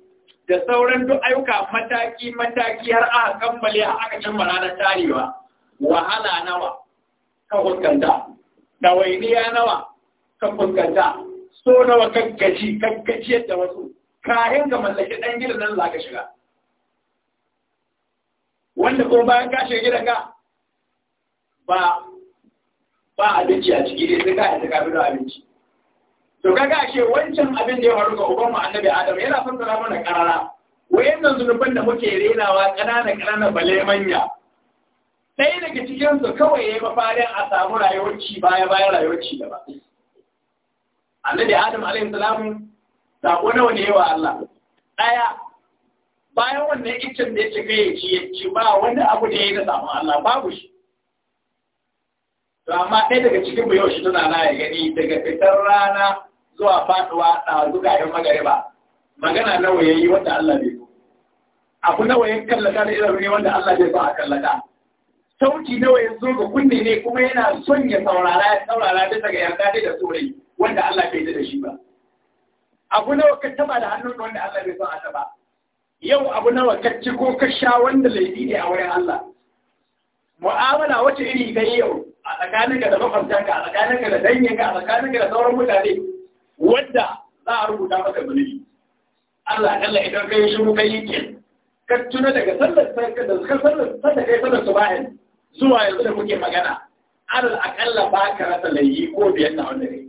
da sauran duk ayyuka mataki-mataki har aka kammale har aka cimma ranar tarewa wahala nawa ka fuskanta ɗawainiya nawa ka fuskanta so nawa kankaci kankaci yadda wasu kayan ga mallaki ɗan gidan nan za ka shiga wanda ko bayan ka shiga gidan ka ba ba abinci a ciki dai sai ka yi ta kafin abinci to kaga ashe wancan abin da ya faru ga uban annabi adam yana fassara mana karara wayannan zunuban da muke renawa ƙanana ƙanana bale manya ɗaya daga cikin su kawai yayi mafarin a samu rayuwar ci baya bayan rayuwar ci gaba annabi adam alaihi salamu sako nawa ne yawa Allah ɗaya bayan wannan iccen da ya ci kai ci ci ba wani abu da yayi samu Allah babu shi to amma ɗaya daga cikin mu yau shi tana na ya gani daga fitar rana zuwa faduwa ɗazu garin magariba magana nawa yi wanda Allah bai so abu nawa ya kallata da ne wanda Allah bai so a kallaka? sauti nawa ya zo ga kunne ne kuma yana son ya saurara ya saurara bisa ga yarda dai da tsorai wanda Allah bai da shi ba abu nawa ka taba da hannun wanda Allah bai so a taba yau abu nawa ka ci ko ka sha wanda laifi ne a wurin Allah mu'amala wace iri ta yau a tsakaninka da makwabtanka a tsakaninka da danyenka a tsakaninka da sauran mutane wadda za a rubuta maka zunubi Allah Allah idan kai mu kai yake ka tuna daga sallar sarka da suka sallar sallar kai sallar bayan zuwa yanzu da kuke magana alal akalla ba ka rasa laifi ko biyan na wanda kai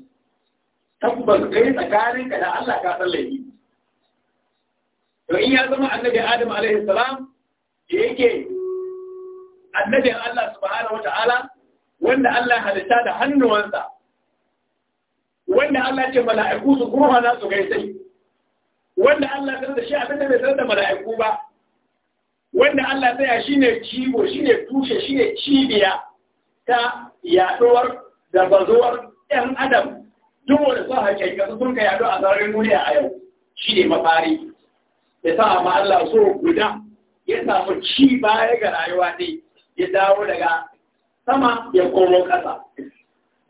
tabbas kai tsakanin ka da Allah ka san laifi to in ya zama annabi Adam alaihi salam da yake annabin Allah subhanahu Ta'ala, wanda Allah halitta da hannuwansa wanda Allah ce mala'iku su kuma za su sai. wanda Allah ta da shi a da bai sanar da mala'iku ba wanda Allah shi ne cibo shi ne tushe shi ne cibiya ta yaɗuwar da bazuwar ‘yan adam duk wanda sun haƙe su sun ka yaɗu a sararin duniya a yau Shi ne mafari ya sa ma Allah so guda ya samu ci baya ga rayuwa ne ya dawo daga sama ya komo ƙasa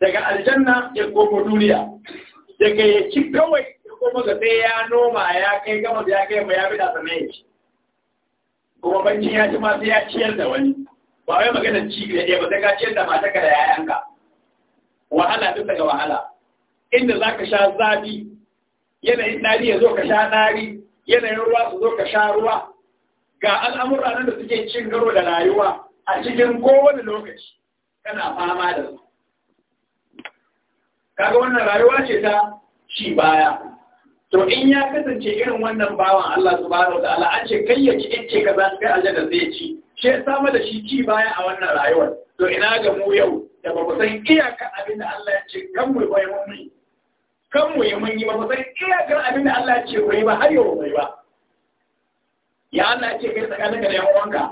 daga aljanna ya koma duniya daga ya ci kawai ya koma ga sai ya noma ya kai gama ya kai ma ya bida sannan ya ci kuma banci ya ci masu ya ciyar da wani ba wai maganar ci da ya ba sai ka ciyar da matarka da yayanka wahala duk daga wahala inda za ka sha zafi yanayin ɗari ya zo ka sha ɗari yanayin ruwa su zo ka sha ruwa ga al'amura nan da suke cin garo da rayuwa a cikin kowane lokaci kana fama da su kaga wannan rayuwa ce ta shi baya to in ya kasance irin wannan bawan Allah subhanahu wa ta'ala an ce kai ya ci in ce kaza kai aljanna zai ci shi ya samu da shi ci baya a wannan rayuwar to ina ga mu yau da ba mu san iyakar abin da Allah ya ce kan mu bai mun yi kan mu yi mun yi ba ku san iyakar abin da Allah ya ce ku yi ba har yau bai ba ya Allah ya ce kai ka da yan uwanka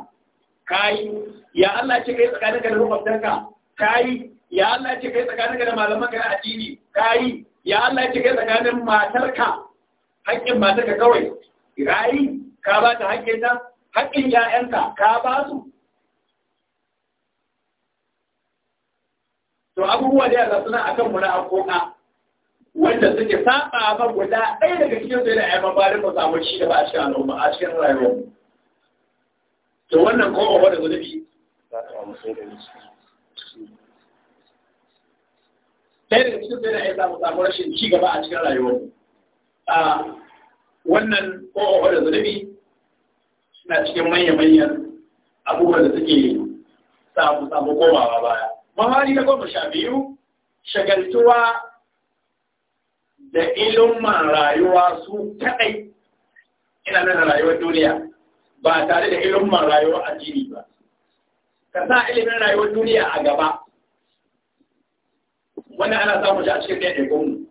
kai ya Allah ya ce kai ka da rubutanka kai ya Allah ce kai ka da malaman ka addini kai ya Allah ce kai tsakanin matarka haƙƙin matarka kawai rayi ka ba ta hakkin ta hakkin ƴaƴanka ka ba su to abubuwa da yasa suna akan mu na akoka wanda suke saba ba guda ɗaya daga cikin su yana ƴan mafarin ba samu ci gaba a cikin al'umma a cikin rayuwa to wannan ko kowa wanda zunubi ɗaya daga cikin sai na iya samu samu rashin ci gaba a cikin rayuwar wannan kowa da zunubi suna cikin manya-manyan abubuwan da suke samu samu komawa baya mahari na goma sha biyu shagaltuwa da ilimin rayuwa su kaɗai ina nan rayuwar duniya ba tare da ilimin rayuwar addini ba ka sa ilimin rayuwar duniya a gaba wannan ana samun shi a cikin ɗaiɗaikun mu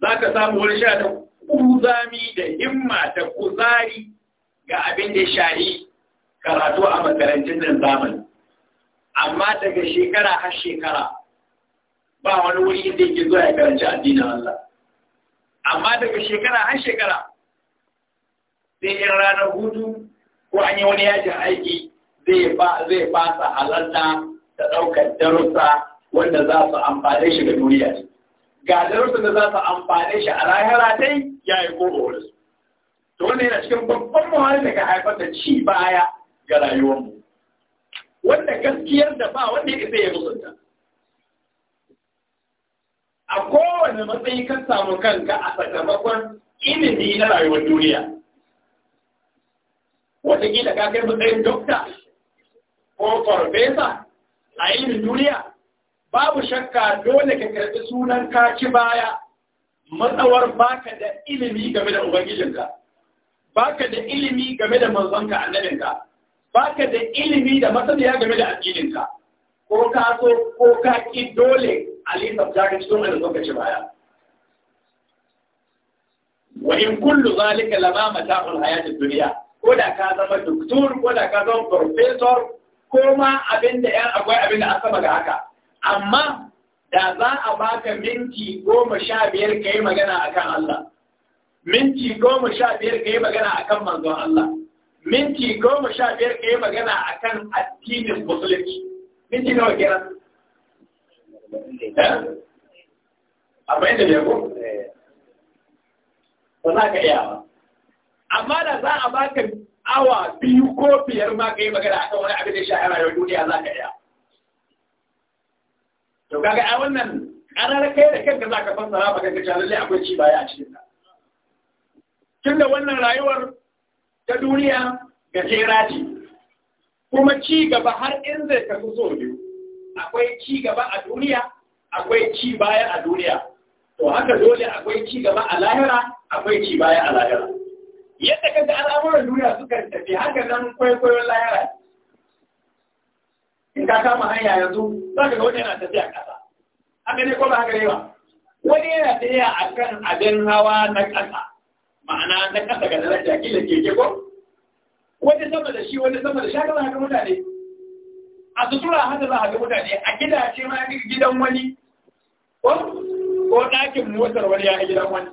za ka samu wani sha ta kuzami da himma da kuzari ga abin da shari karatu a makarantun nan zamani amma daga shekara har shekara ba wani wuri inda yake zuwa ya karanci addinin Allah amma daga shekara har shekara sai in ranar hutu ko an yi wani yajin aiki zai ba zai fasa halarta da ɗaukar darussa wanda za su amfane shi da duniya ce ga da za su amfane shi a lahira dai ya yi koro da to wanda yana cikin babban muhalli da ka haifar da ci baya ga rayuwarmu wanda gaskiyar da ba wanda ya zai musulta a kowane matsayi kan samu kanka a sakamakon ilimi na rayuwar duniya wataƙila ka kai matsayin dokta ko farfesa a ilimin duniya babu shakka dole ka karɓi sunan kaci baya matsawar baka da ilimi game da ubangijinka baka da ilimi game da manzonka annabinka baka da ilimi da masaniya game da addininka ko ka so ko ka ki dole alisa ta ka cikin wani lokaci baya wa in kullu zalika lama mata'ul hayatid dunya ko da ka zama doktor ko da ka zama professor ko ma abinda yan akwai abinda an sama ga haka amma da za a baka minti goma sha biyar ka yi magana a kan Allah minti goma sha biyar ka yi magana a kan manzon Allah minti goma sha biyar ka yi magana a kan addinin musulunci minti nawa kenan Eh? Amma yadda ko ba za ka iya ba amma da za a baka awa biyu ko biyar ma ka yi magana a kan wani abin da shahara yau duniya za ka iya to kaga a wannan karar kai da kanka za ka fassara ba kanka cewa akwai ci baya a cikin ta tunda wannan rayuwar ta duniya gajera ce kuma ci gaba har in zai kasu so biyu akwai ci gaba a duniya akwai ci baya a duniya to haka dole akwai ci gaba a lahira akwai ci baya a lahira yadda kaga al'amuran duniya suka tafi haka nan kwaikwayon lahira in ka kama hanya yanzu za ka ga wani yana tafiya ƙasa haka ne ko ba haka ne ba wani yana tafiya a kan abin hawa na ƙasa ma'ana na ƙasa ga daraja kila keke ko wani sama da shi wani sama da shi haka za ka mutane a sutura haka za ka mutane a gidace ma gidan wani ko ɗakin motar wani ya gidan wani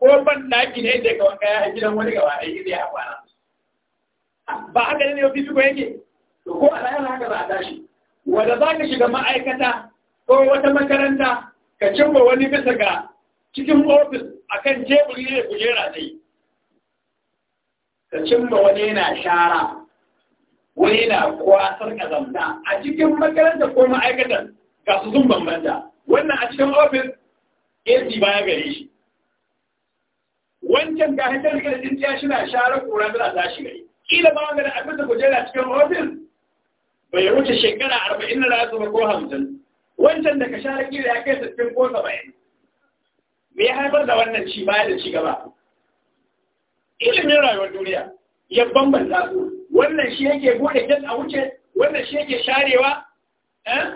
ko ban ɗaki ne da ka wanka ya gidan wani gaba ɗaya ya kwana ba haka ne ne ofisi ko yake ko a ranar haka za a tashi wanda za ka shiga ma'aikata ko wata makaranta ka cimma wani bisa ga cikin ofis a kan teburi ne kujera ta yi ka cimma wani yana shara wani yana kwasar kazamta a cikin makaranta ko ma'aikatar ga su sun bambanta wannan a cikin ofis AC baya gare shi wancan ga hankali kan tsintiya shi na share kura tana tashi gari kila ba wanda da abin da kujera cikin ofis bai wuce shekara arba'in da za su ko hamsin wancan da ka share da ya kai sittin ko saba'in me ya haifar da wannan ci baya da ci gaba ilimin rayuwar duniya ya bambanta su wannan shi yake bude kyan a wuce wannan shi yake sharewa eh?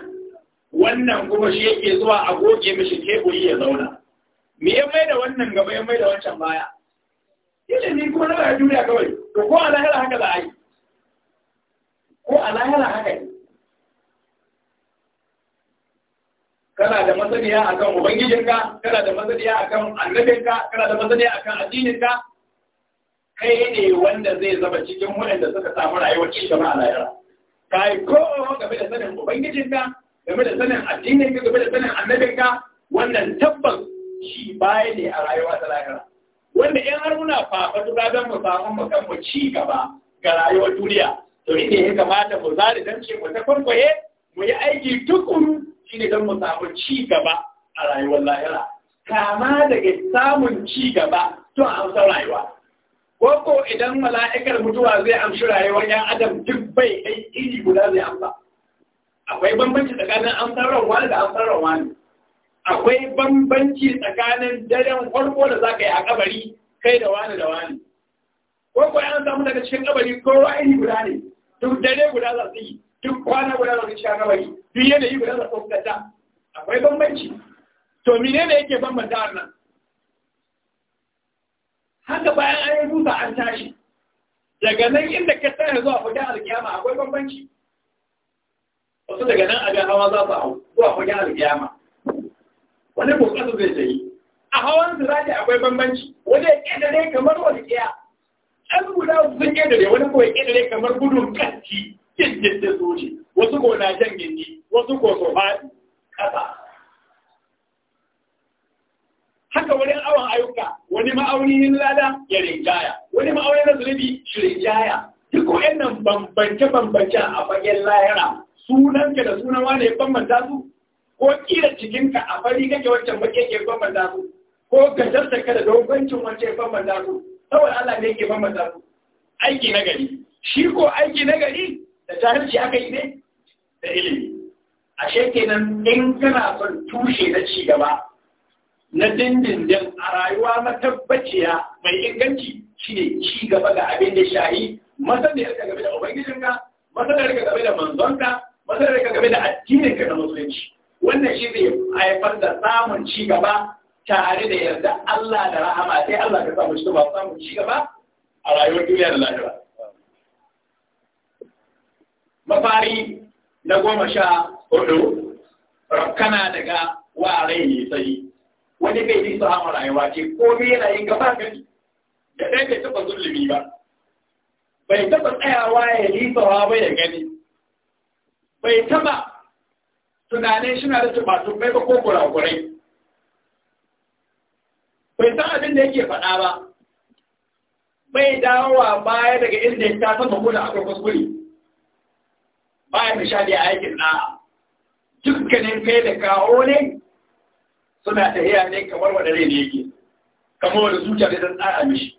wannan kuma shi yake zuwa a goge mishi teburi ya zauna me ya mai da wannan gaba ya mai da wancan baya ilimin kuma na rayuwar duniya kawai to ko a lahira haka za a yi ko a lahira haka ne kana da masaniya akan ubangijinka kana da masaniya akan annabinka kana da masaniya akan addininka kai ne wanda zai zama cikin waɗanda suka samu rayuwar cikin shama a lahira yi ko game da sanin ubangijinka game da sanin addininka game da sanin annabinka wannan tabbas shi baya ne a rayuwa ta lahira wanda in har muna tuka don mu samu mu kan mu ci gaba ga rayuwar duniya to ita ya kamata mu zari don ce mu ta kwankwaye mu yi aiki tukuru ne don mu samu ci gaba a rayuwar lahira kama daga samun ci gaba to a amsa rayuwa ko idan mala'ikar mutuwa zai amshi rayuwar yan adam duk bai kai iri guda zai amsa akwai bambanci tsakanin amsar rawa da amsar rawa ne akwai bambanci tsakanin daren farko da zaka yi a kabari kai da wani da wani ko ko an samu daga cikin kabari wa iri guda ne duk dare guda za su yi duk kwana guda za su shiga kabari duk yanayi guda za su fuskanta akwai bambanci to menene yake bambanta nan? haka bayan an yi dusa an tashi daga nan inda ka tsaya zuwa fagen alkiyama akwai bambanci wasu daga nan a ga hawa za su hau zuwa fagen alkiyama wani bukatu zai ta yi a hawan su zaki akwai bambanci wani ya ƙetare kamar wani ƙiya an guda sun ƙetare wani ko ya kamar gudun kanci jinjin da zuci wasu ko na jan gindi wasu ko so faɗi ƙasa haka wani awon ayyuka wani ma'aunin lada ya rinjaya wani ma'aunin na zulubi shi rinjaya duk nan bambance-bambance a fagen lahira sunanka da sunan wane ya bambanta su ko kira cikinka a fari kake wancan baƙe ya bambanta su ko gajarta ka da dogoncin wancan ya bambanta su saboda Allah ne yake bambanta su aiki na gari shi ko aiki na gari da jahilci aka yi ne da ilimi ashe kenan in kana son tushe na ci gaba na dindindin a rayuwa matabbaciya mai inganci shine ci gaba ga abin da shahi masaniyar ka game da ubangijinka masaniyar ka game da manzonka masaniyar ka game da addininka na musulunci wannan shi zai haifar da samun ci gaba tare da yarda Allah da rahama sai Allah ka samu shi ba samu ci gaba a rayuwar duniya da lahira mafari na goma sha hudu rakkana daga wa rai sai wani bai yi hama rayuwa ce ko me yana yin gaba gani da ɗaya bai taɓa zulumi ba bai taɓa tsayawa ya yi sawa ba ya gani bai taɓa tunanin shi na da tumatumai ba ko kurakurai bai san abin da yake faɗa ba bai dawowa baya daga inda ya tafi mako da akwai kuskure baya sha a aikin na. dukkanin kai da kawo ne suna tahiya ne kamar wanda rai ne yake kamar wanda zuciya da zan tsara mishi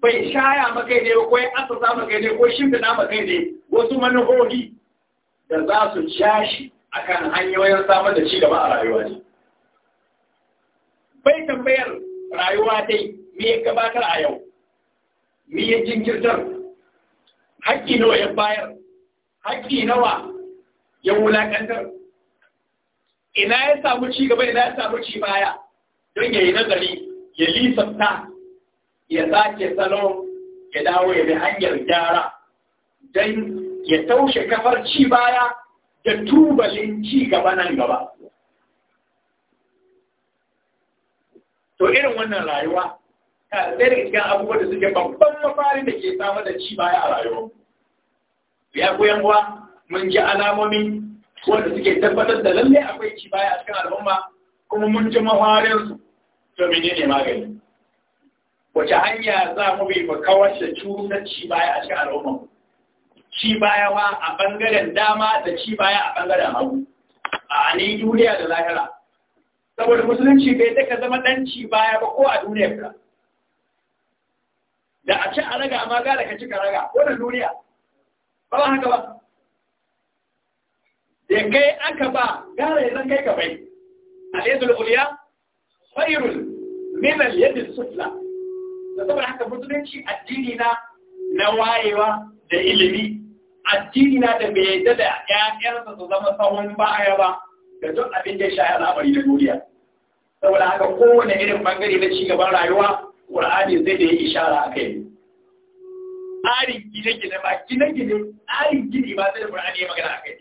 bai shaya makai ne ko ya asasa makai ne ko na makai ne wasu manufofi da za su jashi akan hanyoyin samar da ci gaba a rayuwa ne bai tambayar rayuwa dai me ya gabatar a yau me ya jinkirtar haƙƙi nawa ya bayar haƙƙi nawa ya wulaƙantar ina ya samu ci gaba ina ya samu ci baya don ya yi nazari ya lisafta ya sake salo ya dawo ya bi hanyar gyara don ya taushe kafar ci baya da tubalin ci gaba nan gaba to irin wannan rayuwa ta ɗaya daga cikin abubuwan da suke babban mafari da ke samar da ci baya a rayuwa ya goyon kuwa, mun ji alamomi wanda suke tabbatar da lalle akwai ci baya a cikin al'umma kuma mun ji mafarin su to ne magani wace hanya za mu bi mu kawar da cutar ci baya a cikin al'umma ci baya wa a bangaren dama da ci baya a bangaren hagu a ne duniya da lahira saboda musulunci bai daga zama ɗanci baya ba ko a duniya ka da a ci a raga amma da ka ci ka raga da duniya ba ba haka ba da kai aka ba gara ya zan kai ka bai al-yadul ulya khairul min al-yadil sufla saboda haka musulunci addini na na wayewa da ilimi addini na da bai yadda da 'ya'yansa su zama tsawon baya ba da duk abin da ya shahi al'amari da duniya saboda haka kowane irin bangare na cigaban rayuwa ƙur'ani zai da ya ishara a kai tsarin gine-gine ba gine-gine tsarin gini ba zai da ƙur'ani ya magana a kai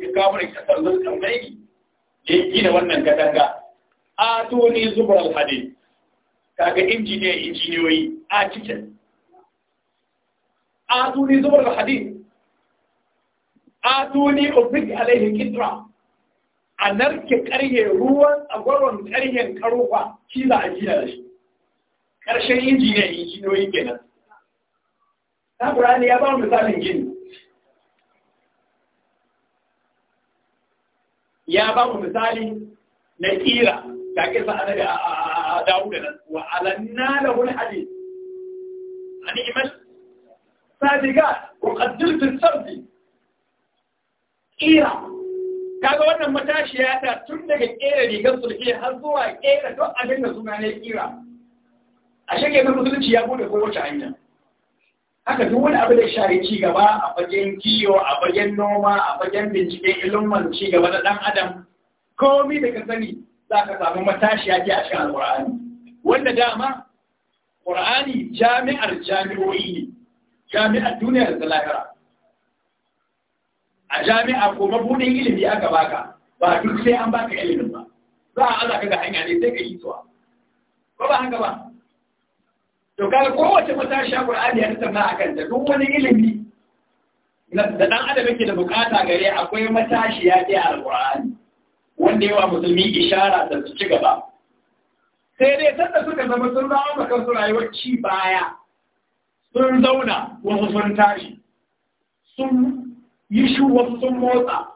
ya kawo da kasar zurkan mai da ya gina wannan katanga a tuni zubar alhadi kaga injiniya injiniyoyi a cikin a tuni zubar alhadi atuni ufik alaihi kitra a narke karye ruwan tsagwaron karyen karuwa shi za a jiya da shi Karshen inji ne injiniyoyi kenan ta burani ya ba mu misalin gini ya ba mu misali na kira ga kisa ana da dawo da nan wa alanna da wani a ani iman sadiga wa qaddirtu sabbi ƙira kaga wannan matashiya ta tun daga ƙera rigar sulke har zuwa ƙera don abin da suna ne ƙira a shirya na musulunci ya bude kowace hanya haka duk wani abu da shari ci gaba a fagen kiyo a fagen noma a fagen binciken ilimin ci gaba na ɗan adam komi da ka sani za ka samu matashiya ke a cikin alƙur'ani wanda dama ƙur'ani jami'ar jami'o'i ne jami'ar duniya da lahira a jami'a ko mabuɗin ilimi aka baka ba duk sai an baka ilimin ba za a aza kaga hanya ne sai ka yi zuwa. ba ba haka ba to kaga kowace matashiya Qur'ani ya tsama a kanta duk wani ilimi da dan adam yake da bukata gare akwai matashiya ya Al-Qur'ani wanda yawa musulmi ishara da su ci gaba sai dai sanda suka zama sun zama maka su rayuwar ci baya sun zauna wasu sun tashi sun yi shi wasu sun motsa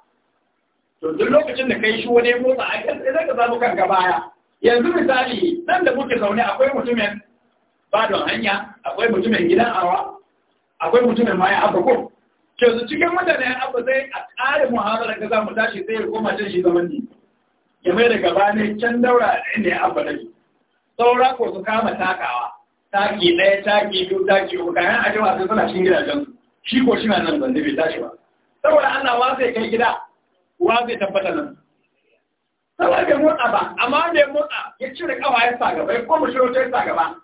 Tuntun duk lokacin da kai shi wani motsa a kan sai zaka samu kanka baya yanzu misali nan da muke zaune akwai mutumin badon hanya akwai mutumin gidan awa akwai mutumin maya abu ko to cikin mutane abu zai a ƙare muhawarar ka za mu tashi sai ya koma cin shi zaman ne ya mai da gaba ne can daura inda ya abu nake saura ko su kama takawa taki ɗaya taki biyu taki uku kayan ajiyar wasu suna cin gidajen shi ko shi na nan zanne tashi ba saboda Allah wa kai gida wa zai tabbata nan saboda bai motsa ba amma bai motsa ya cire kawayen sa gaba ko mu shiro ta sa gaba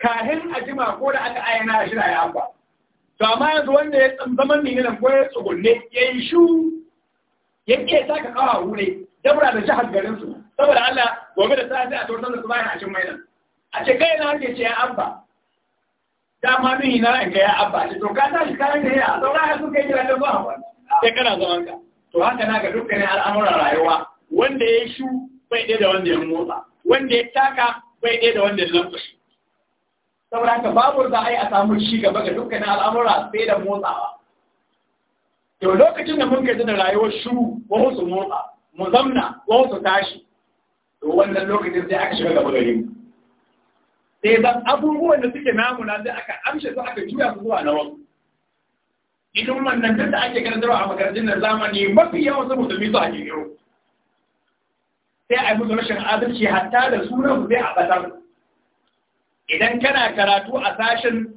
kahin a jima ko da aka ayyana shi da ya ba to amma yanzu wanda ya zaman ne nan ko ya tsugunne ya yi shu ya ke saka kawawu ne dabra da jihar garin su saboda Allah gobe da sa'a sai a tortar da su bayan a cin mai nan a ce kai na hake ce ya abba dama min na ranka ya abba ce to ka tashi kayan da ya a saura ya sun kai jira da ba wani sai kana zaman ka to haka na ga dukkanin al'amuran rayuwa wanda ya shu bai ɗaya da wanda ya motsa wanda ya taka bai ɗaya da wanda ya shi. saboda haka babu za a yi a samu ci gaba ga dukkanin al'amura sai da motsawa to lokacin da mun gaji da rayuwar shu wasu su motsa mu zamna wasu su tashi to wannan lokacin sai aka shiga gaba da mu sai zan abubuwan da suke namuna na sai aka amshe su aka juya su zuwa na wasu Idan wannan duk da ake karantarwa a makarantun na zamani mafi yawan su musulmi su ake yau sai a yi musu rashin adalci hatta da sunan su sai a ɓatar idan kana karatu a sashen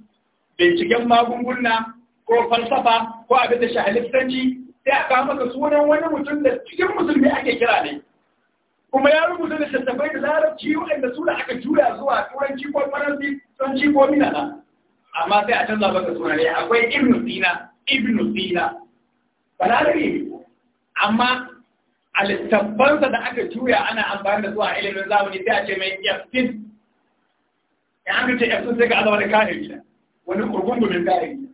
binciken magunguna ko falsafa ko abin da shahalistanci sai a kawo maka sunan wani mutum da cikin musulmi ake kira ne kuma ya rubuta da tattafai da larabci waɗanda suna aka juya zuwa turanci ko faransi sun ci ko minana amma sai a canza maka sunan akwai ibn sina ibnu sina balarabe amma alittafansa da aka juya ana amfani da zuwa ilimin zamani sai a ce mai yaftin in an ce yaftin sai ga azaba da kare gida wani kurkun kurkungumin kare gida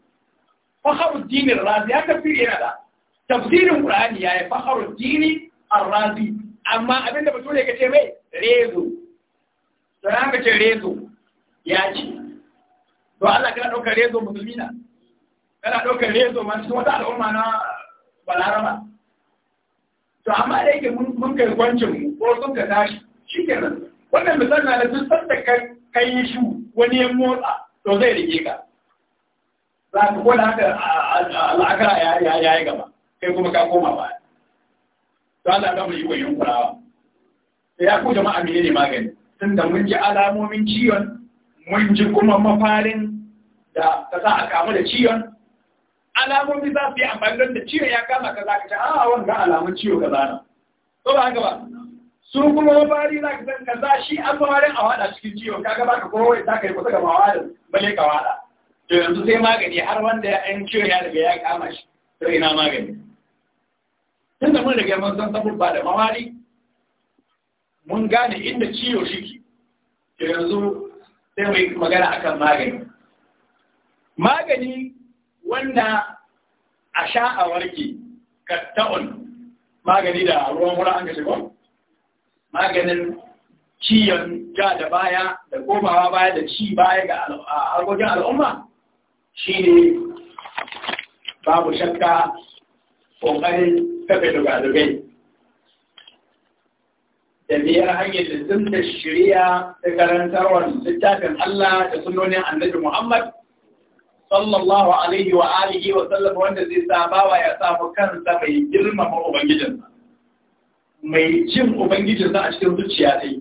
faharu dinin razi ya tafsiri yana da tafsirin qur'ani ya yi faharu dini razi amma abin da bature ka ce mai rezo don haka ce rezo ya ci to Allah kana ɗaukar rezo musulmi na Kana ɗaukar zo ma cikin wata al'umma na Balarama? to amma da yake mun kai kwancin ko sun ka tashi shi kenan wannan misali na da duk da kai yi shi wani ya motsa to zai rike ka za ka kola haka al'akara ya yi gaba kai kuma ka koma ba to Allah ga mu yi wa kulawa sai ya ku jama'a ne magani tunda mun ji alamomin ciwon mun ji kuma mafarin da ta sa a kamu da ciwon alamomi za su yi amfani don da ciwo ya kama ka za ka ce a ah, wanga alamun ciwo ka zana to ba haka ba su kuma mafari za ka zanka za shi an mawarin a wada cikin ciwo ka gaba ka kowa za ka yi kusa ga wada, bale ka wada to yanzu sai magani har wanda yan ciwo ya daga ya kama shi sai ina magani tun da mun riga mun san ba da mawari mun gane inda ciwo shi ke yanzu sai mu yi magana akan magani magani wanda a sha a warke katta'un magani da ruwan wura an gashi ko maganin ciyon ja da baya da komawa baya da ci baya ga harkokin al'umma shi ne babu shakka ƙoƙarin kafe dugadugai da biyar hanyar da sun da shirya da karantarwar littafin Allah da sunonin annabi Muhammad sallallahu alaihi wa alihi wa sallam wanda zai sa bawa ya samu kansa mai girmama ubangijinsa mai cin ubangijinsa a cikin zuciya dai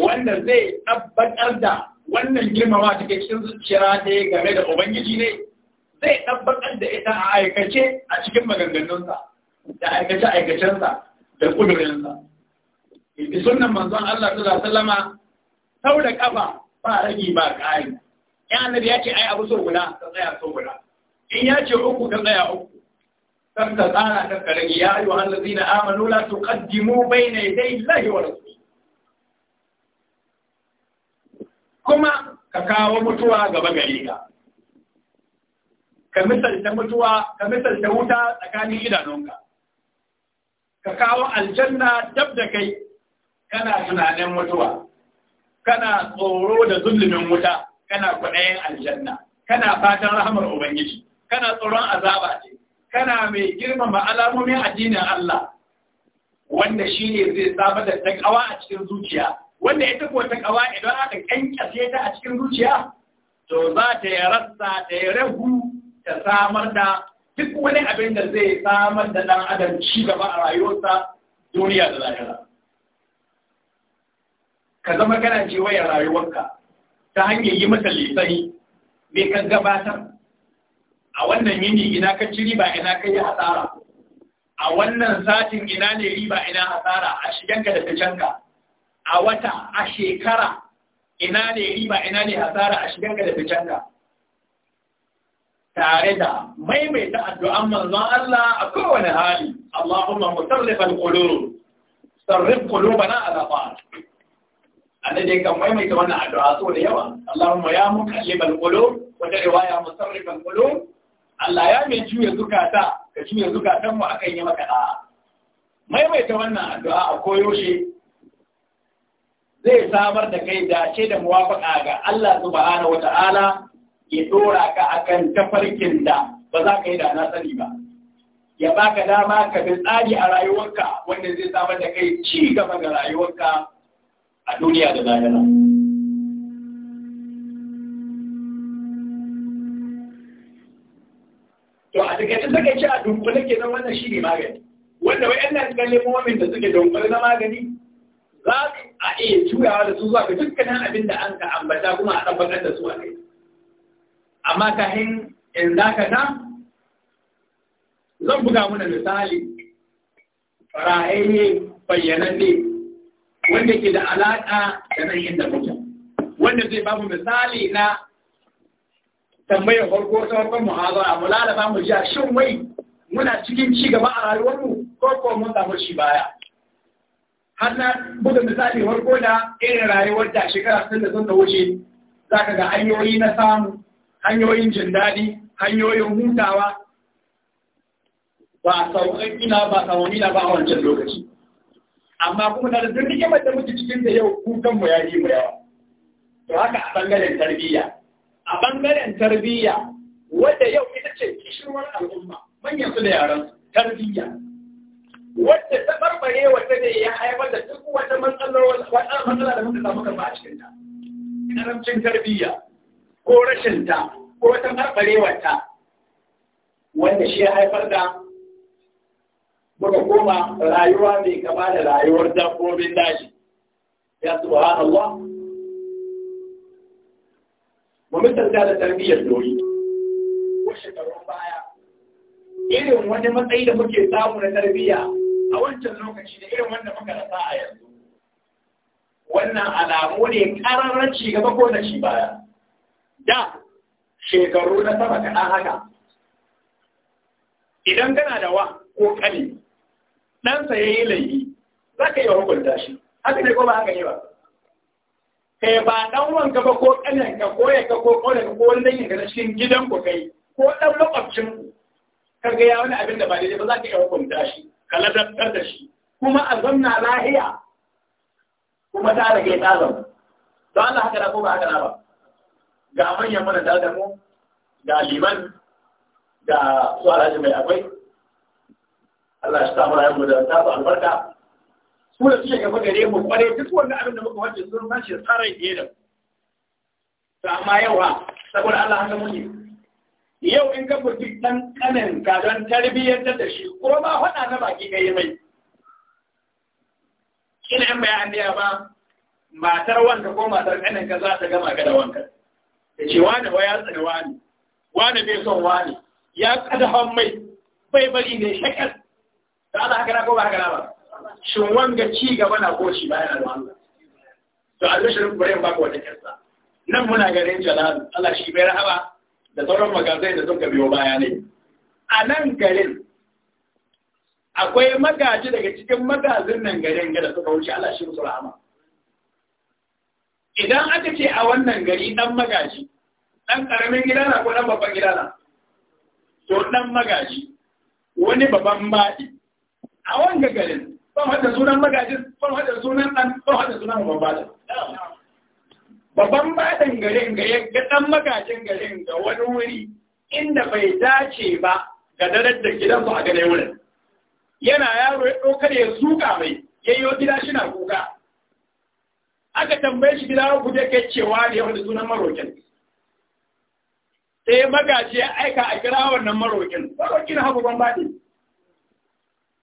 wanda zai tabbatar da wannan girmama take cikin zuciya dai game da ubangiji ne zai tabbatar da ita a aikace a cikin maganganunsa da aikace aikacensa da kudurinsa Ibi sunnan manzon Allah sallallahu alaihi wasallama sau da kafa ba ragi ba ƙari in annabi ya ce ai abu sau guda ka tsaya sau guda in ya ce uku ka tsaya uku kan ta tsara kan ka rage ya ayyuhan allazina amanu la tuqaddimu bayna yaday wa kuma ka kawo mutuwa gaba gari ka ka misalta mutuwa ka misalta wuta tsakanin idanunka ka kawo aljanna dab da kai kana tunanin mutuwa kana tsoro da zulumin wuta kana kwaɗayin aljanna kana fatan rahamar ubangiji kana tsoron azaba ce kana mai girmama alamomin addinin Allah wanda shi ne zai saba da takawa a cikin zuciya wanda ita ko takawa idan aka kankace ta a cikin zuciya to za ta yi rasa ta yi rahu ta samar da duk wani abin da zai samar da dan adam ci gaba a rayuwarsa duniya da lahira ka zama kana wayar rayuwarka ta hanyar yi masa lisani mai kan gabatar a wannan yini ina ka ci riba ina ka yi hasara a wannan satin ina ne riba ina hasara a shiganka da ficenka a wata a shekara ina ne riba ina ne hasara a shiganka da ficenka tare da maimaita addu'an manzon Allah a kowane hali Allahumma musarrif al-qulub sarrif qulubana ala ta'atik annabi kan maimaita wannan addu'a so da yawa Allahumma ya muqallibal qulub wata riwaya musarrifal qulub Allah ya mai juya zukata ka juya zukatan mu akan yi maka da'a maimaita wannan addu'a a koyaushe zai samar da kai dace da muwafaka ga Allah subhanahu wata'ala ya dora ka akan tafarkin da ba za ka yi da na sani ba ya baka dama ka bi tsari a rayuwarka wanda zai samar da kai ci gaba ga rayuwarka a duniya da lahira to a takaicin takaice a dunkule ke nan wannan shi magani wanda wai yan cikin lemomin da suke dunkule na magani za a iya juyawa da su zuwa ga dukkanin abin da an ka ambata kuma a tabbatar da su a kai amma kahin in za ka na zan buga muna misali ra'ayi ne. wanda ke da alaƙa da nan da mutum, wanda zai ba mu misali na tambayar farko ta farkon muhazara mu lalaba mu ji shin wai muna cikin ci gaba a rayuwar mu, ko ko mun samu shi baya har na buga misali farko da irin rayuwar da shekara sun da sun da wuce za ka ga hanyoyi na samu hanyoyin jin daɗi hanyoyin hutawa ba sauƙaƙina ba sauƙaƙina ba a wancan lokaci amma kuma da duk rigimar mata muke cikin da yau kukan mu ya yi mu yawa to haka a bangaren tarbiyya a bangaren tarbiyya wadda yau ita ce kishirwar al'umma manyan su da yaran tarbiyya wadda ta barbare wata ne ya haifar da duk wata matsalar matsala da muka samu gaba a cikin ta karamcin tarbiyya ko rashin ta ko wata barbarewa ta wanda shi ya haifar da muka koma rayuwa mai gaba da rayuwar dabbobin daji ya subhanallah mu misalta da tarbiyyar dori ko shekarun baya irin wani matsayi da muke samu na tarbiyya a wancan lokaci da irin wanda muka rasa a yanzu wannan alamu ne ƙararren ci gaba ko na ci baya da shekaru na sama kaɗan haka idan kana da wa ko ƙani ɗansa ya yi laifi za ka iya hukunta shi haka ne ko ba haka ne ba kai ba ɗan wanka ba ko ƙanan ka ko ya ka ko ƙaunar ko wani dangin na cikin gidan ku kai ko ɗan lokacin ku ka ga ya wani abin da ba daidai ba za ka iya hukunta shi ka ladabtar da shi kuma a zanna lahiya kuma ta rage ta zama don Allah haka na ko ba haka na ba ga manyan mana da mu ga liman da su alhaji mai akwai Allah shi samu rayuwar da ta ba albarka su da suke gaba gare mu kware duk wanda abin da muka wace sun sashi tsarin idan to amma yau saboda Allah haka muke yau in ka furti dan kanin ka don tarbiyyantar da shi ko ba faɗa na baki ka yi mai ina yan bayan da ba matar wanka ko matar kanin ka za ta gama ka da wanka ta ce wani wa ya wani wani bai son wani ya kada mai bai bari ne shakar da Allah haka na ko ba haka na ba shin wanga ci gaba na ko shi bayan alwala to albishirin bare ba ko wata kirsa nan muna ganin jalal Allah shi bai rahaba da sauran magazai da suka biyo baya ne a nan garin akwai magaji daga cikin magazin nan garin da suka wuce Allah shi musu rahama idan aka ce a wannan gari dan magaji dan karamin gida na ko dan babban gida na to dan magaji wani babban baɗi a wanga garin ban hada sunan magajin ban hada sunan dan ban hada sunan babban babban badan garin ga ga dan magajin garin ga wani wuri inda bai dace ba ga darar da gidan ku a gane wurin yana yaro ya dokar ya suka mai yayyo gida shina kuka aka tambaye shi gida ku je kai cewa ne wanda sunan marokin sai magaji ya aika a kira wannan marokin marokin hagu babban baɗi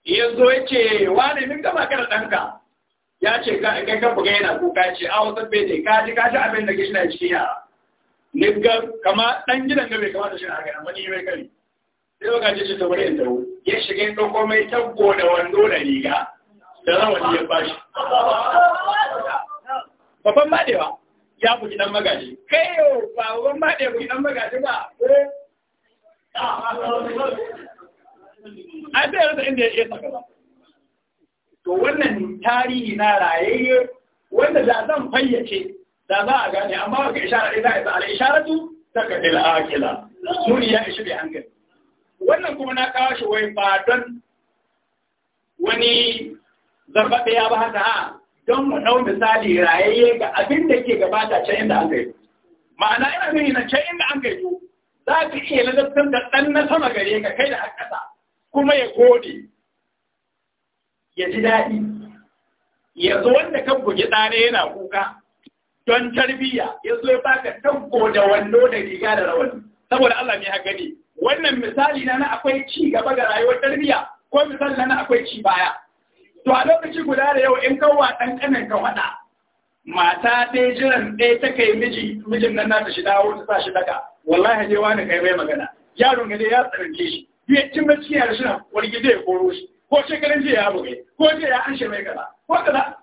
ya zo ya ce wane min gama kar ɗanka ya ce kai ka buga yana kuka ce a wasu bai ne ka ji ka ji abin da ke shina cikin yara nigga kama ɗan gidan da kama da shi na haka amma ni mai kari sai ba gaje shi ta bari da ya shiga yin ɗauko mai tabbo da wando da riga da rawani ya bashi babban madewa ya buki dan magaji kai yau ba babban madewa buki dan magaji ba eh. ai sai rasa inda ya saka ba to wannan tarihi na rayayye wanda da zan fayyace da za a gane amma ga ishara ɗaya za a yi al isharatu saka dil akila nuni ya ishi bai hankali wannan kuma na kawo shi wai ba don wani zarbaɗe ya ba haka ha don mu ɗau misali rayayye ga abin da ke gabata can inda an kai. ma'ana ina gani na can inda an kai gaito za ka iya ladabtar da ɗan na sama gare ka kai da a ƙasa kuma ya gode ya ji daɗi ya zo wanda kan bugi ɗane yana kuka don tarbiyya ya zo ya baka tanko da wando da riga da rawani saboda Allah mai haka ne wannan misali na na akwai ci gaba ga rayuwar tarbiyya ko misali na na akwai ci baya to a lokaci guda da yau in kawwa ɗan ka faɗa mata ɗaya jiran ɗaya ta kai miji mijin nan na shi dawo ta sa shi daga wallahi je wani kai mai magana yaron gade ya tsaranke shi bai cin da suna wani wargide ya koro shi ko shekarun jiya ya bugai ko jiya ya anshe mai kaza ko kaza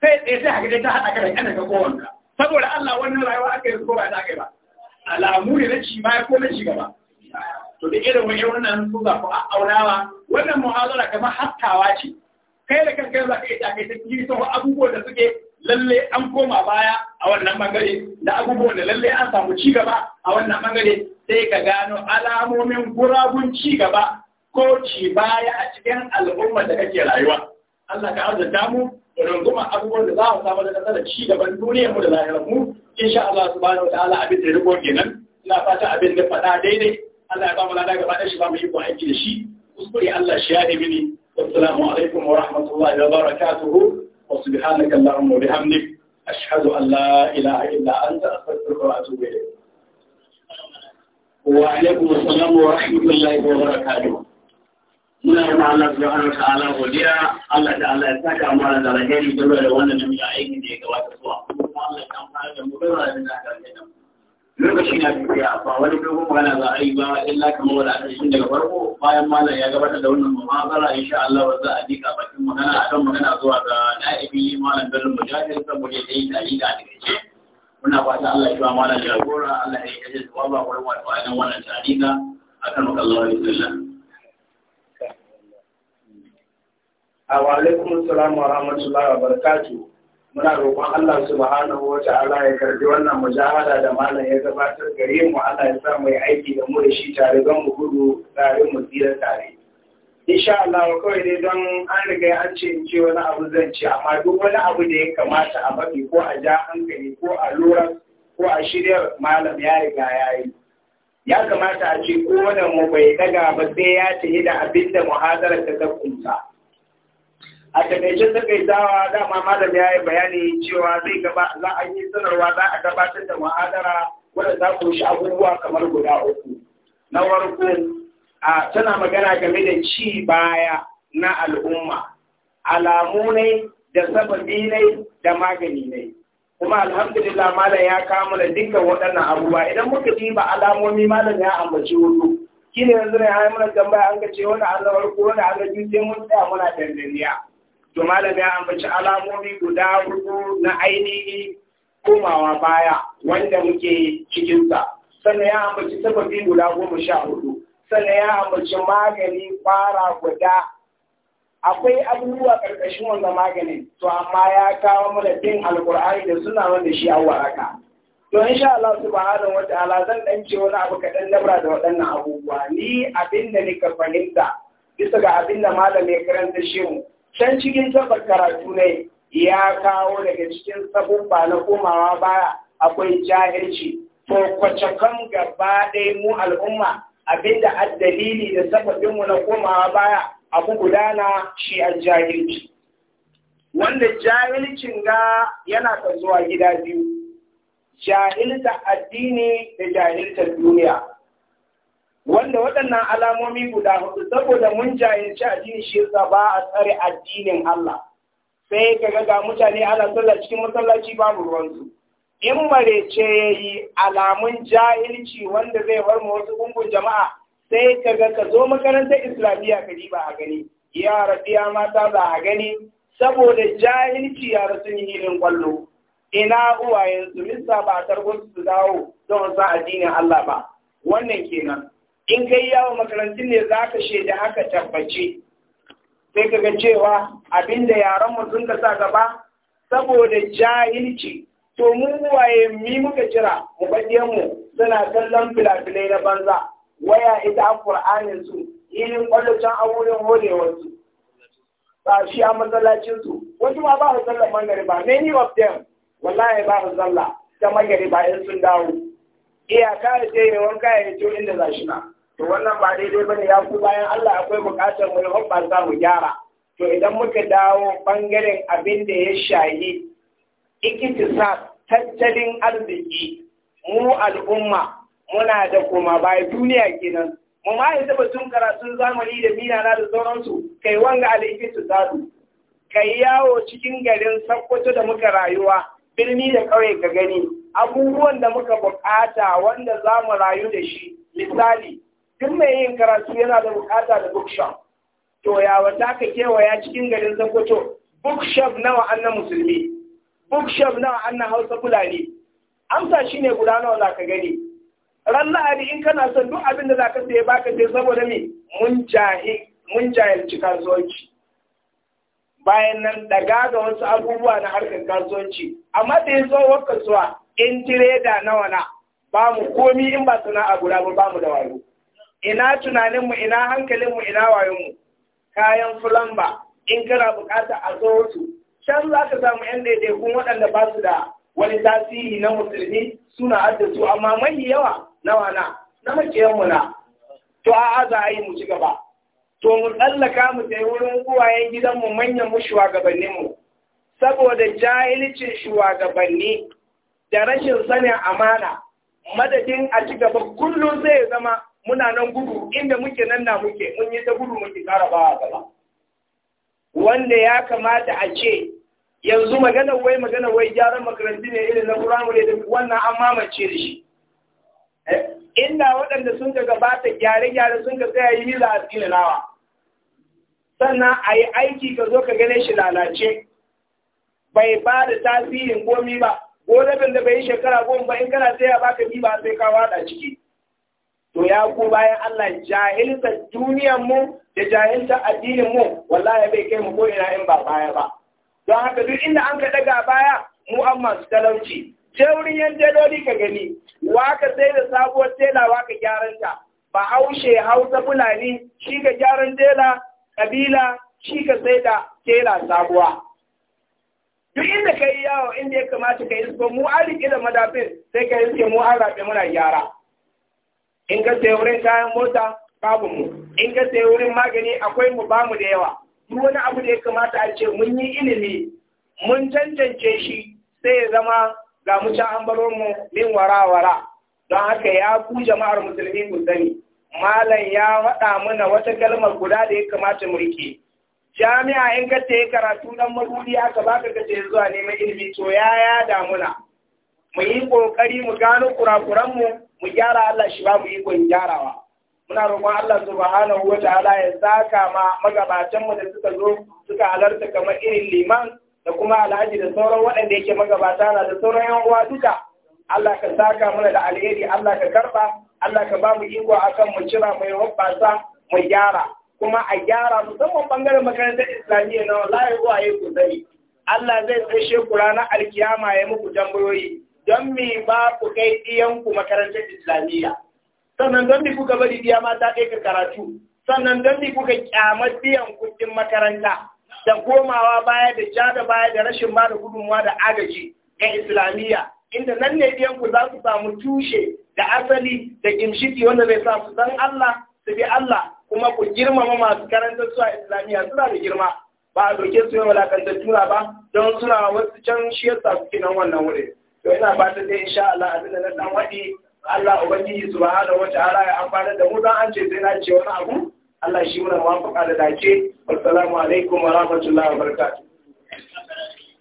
sai tsaye sai haka dai ta haɗa kada kana ga kowanka saboda Allah wannan rayuwa aka yi ko ba ta kai ba alamu ne na ci baya ko na ci gaba to da irin wani wannan su za ku aunawa wannan muhazara kamar haskawa ce kai da kanka za ka yi ta kai ta kiri abubuwan da suke lalle an koma baya a wannan bangare da abubuwan da lalle an samu ci gaba a wannan bangare sai ka gano alamomin gurabun ci gaba ko ci baya a cikin al'ummar da kake rayuwa Allah ka arzuta mu da kuma abubuwan da za mu samu da kasar ci gaban duniyar mu da lahirar mu insha Allah subhanahu wataala abin da riko kenan ina fata abin da faɗa daidai Allah ya ba mu lada gaba da shi ba mu yi aiki da shi kuskure Allah shi ya ne mini wassalamu alaikum wa rahmatullahi wa barakatuhu وسبحانك اللهم وبحمدك أشهد أن لا إله إلا أنت أستغفرك وأتوب إليك وعليكم السلام ورحمة الله وبركاته muna yi Allah subhanahu ta'ala godiya Allah da Allah ya saka mu da alheri da da wannan da muke aiki da ya gabata zuwa kuma Allah ya fara da mu da da da da lokaci na tafiya ba wani dogon magana za a yi ba illa kamar wani aka daga farko bayan malam ya gabata da wannan muhabara insha Allah za a dika baki magana akan magana zuwa ga na'ibi malam Bello Mujahid saboda dai da yi da take muna fata Allah ya ba malam jagora Allah ya kaje tsawaba wurin wato ainihin wannan tarika akan Allah bismillah Wa alaikum salam wa rahmatullahi wa barakatuh muna roƙon Allah subhanahu wa ta'ala ya karbi wannan mujahada da malam ya gabatar gare mu Allah ya sa mu aiki da mu da shi tare don mu gudu tare mu tsira tare insha Allah kawai dai don an riga an ce in ce wani abu zan ce amma duk wani abu da ya kamata a mafi ko a ja hankali ko a lura ko a shirya malam ya riga ya yi ya kamata a ce ko wannan mu bai daga ba sai ya tafi da abin da muhadarar ta ta kunsa a takaice takaitawa dama malam ya yi bayani cewa zai gaba za a yi sanarwa za a gabatar da muhadara wadda za ku shi abubuwa kamar guda uku na farko a tana magana game da ci baya na al'umma alamu ne da sababi ne da magani ne kuma alhamdulillah malam ya kawo da dukkan waɗannan abubuwa idan muka diba alamomi malam ya ambaci hudu kine yanzu ne ya mana tambaya an ga ce wani an ko wani an ji? sai mun tsaya muna dandaniya to malam ya ambaci alamomi guda hudu na ainihi komawa baya wanda muke cikin sa sannan ya ambaci sababi guda goma sha hudu sannan ya ambaci magani fara guda akwai abubuwa ƙarƙashin wanda maganin to amma ya kawo mana bin Alƙur'ani da suna wanda shi a waraka to sha Allah subhanahu wataala zan dan ce wani abu kaɗan dabra da waɗannan abubuwa ni abin da nika fahimta bisa ga abin da malam ya shi mu. can cikin tabbar karatu ne ya kawo daga cikin sabubba na komawa baya akwai jahilci to kwace kan gaba ɗaya mu al'umma Abin abinda addalili da sababinmu na komawa baya abu gudana shi a jahilci wanda jahilcin ga yana ta zuwa gida biyu jahilta addini da jahiltar duniya wanda waɗannan alamomi guda hudu saboda mun jahilci addini shi yasa ba a tsare addinin Allah sai ka ga mutane ana sallah cikin masallaci babu ruwansu in marece ya yi alamun jahilci wanda zai bar ma wasu gungun jama'a sai ka ga ka zo makarantar islamiyya ka ba a gani yara biya mata za a gani saboda jahilci ya sun yi hilin kwallo ina uwa yanzu mista ba targon su dawo don sa addinin Allah ba wannan kenan in kai yawo makarantun ne za ka shaida aka tabbace sai ka ga cewa abinda yaran sun ka sa gaba saboda jahilci to mu waye mi muka kira mu mu suna kallon filafilai na banza waya ita a qur'anin su ilin kwallocin su ba shi a matsalacin su wasu ma ba su sallar ba many of them wallahi ba su sallah ta ba in sun dawo iya da ce ne wanka ya ce inda za shi na to wannan ba daidai bane ya ku bayan Allah akwai bukatar mu za mu gyara to idan muka dawo ɓangaren abin da ya shahi ikitisa tattalin arziki mu al'umma muna da kuma baya duniya kenan mu ma yi zaba tun karatun zamani da na da sauransu kai wanga al'ikitu zalu kai yawo cikin garin sakkwato da muka rayuwa birni da ƙauye ka gani abubuwan da muka bukata wanda za mu rayu da shi misali tun mai yin karatu yana da bukata da bookshop to ya wata ka kewaya cikin garin sakkwato bookshop nawa annan musulmi buksham na annan hausa fulani amsa shi ne guda nawa za ka gani ran la'adi in kana son duk abin da za ka saye baka sai saboda me mun jahilci kasuwanci bayan nan daga ga wasu abubuwa na harkar kasuwanci amma da ya zo wa kasuwa in tireda nawa na ba mu komi in ba sana'a guda ba mu da wayo ina tunaninmu ina hankalinmu ina wayonmu kayan fulamba in kana bukata a zo wasu can za ka samu ‘yan ɗaiɗaikun waɗanda ba su da wani tasiri na musulmi suna addasu amma mai yawa na wana na makiyanmu na to a aza a yi mu ci gaba to mu tsallaka mu sai wurin uwayen gidanmu manyan mu shugabanninmu saboda jahilcin shugabanni da rashin sanin amana madadin a ci gaba kullum zai zama muna nan gudu inda muke nan na muke mun yi ta gudu muke kara bawa gaba wanda ya kamata a ce yanzu magana wai magana wai gyaran makarantu ne irin na firamare da wannan an mamace da shi eh? inda waɗanda sun ka gabata gyare-gyare sun ka tsaya yi mila a nawa sannan a yi aiki ka zo ka gane shi lalace bai ba da tasirin komi ba ko rabin da bai yi shekara goma ba in kana tsaya baka bi ba sai ka wada ciki to ya ku bayan Allah jahilta duniyar mu da jahilta addinin mu wallahi bai kai mu ko ina in ba baya ba don haka duk inda an ka daga baya mu an masu talauci sai wurin yan jeloli ka gani waka sai da sabuwar tela ka gyaran ta ba haushe hausa fulani shi ka gyaran tela kabila shi ka sai da tela sabuwa duk inda ka yi yawo inda ya kamata ka isko mu an riƙe da madafin sai ka suke mu an rafe muna gyara in ka sai wurin kayan mota babu mu in ka sai wurin magani akwai mu bamu da yawa duk wani abu da ya kamata a ce mun yi ilimi mun cancance shi sai ya zama ga mu can an mu min wara wara don haka ya ku jama'ar musulmi ku sani malam ya faɗa mana wata kalmar guda da ya kamata mu rike jami'a in ka ce karatu dan maruri aka baka ka ce zuwa neman ilimi to ya ya damuna mu yi kokari mu gano kurakuran mu mu gyara Allah shi ba mu ikon gyarawa muna roƙon Allah subhanahu wa ta'ala ya saka ma magabatan mu da suka zo suka halarta kamar irin liman da kuma alhaji da sauran waɗanda yake magabata na da sauran yan uwa duka Allah ka saka mana da alheri Allah ka karba Allah ka ba mu iko akan mu cira mai hobbasa mu gyara kuma a gyara musamman bangaren makarantar islamiyya na wallahi uwaye ku sani Allah zai tsaye ku ranar alkiyama ya muku tambayoyi don me ba ku kai iyanku makarantar islamiyya sannan don kuka bari biya mata ɗaya karatu sannan don me kuka kyamar biyan kuɗin makaranta da komawa baya da ja da baya da rashin ba da gudunmuwa da agaji ga islamiyya inda nan ne biyan ku za su samu tushe da asali da kimshiki wanda zai sa su san Allah su bi Allah kuma ku girmama masu karantar su a islamiyya suna da girma ba a doke su yau walakantar tura ba don suna wasu can shi yasa suke nan wannan wuri to ina fatan dai insha Allah abin da na dan waɗi Allah ubangiji subhanahu wataala ya amfana da mu don an ce sai na ce wani abu Allah shi muna muwafaqa da dace assalamu alaikum wa rahmatullahi wa barakatuh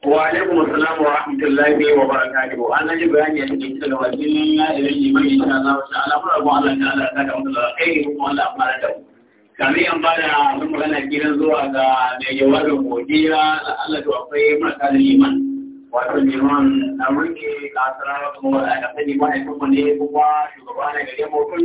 wa alaikum assalam wa rahmatullahi wa barakatuh an yi bayani a cikin da wajen na irin liman insha Allah ta'ala mun rabu Allah ta'ala ta ga mutum kai kuma Allah amfana da mu kame an ba da magana gidan zuwa ga mai jawabin godiya Allah to akwai mata iman. wato neman amurki a sarawar kuma a kasani mahaifin mu ne kuma shugaba na gare mu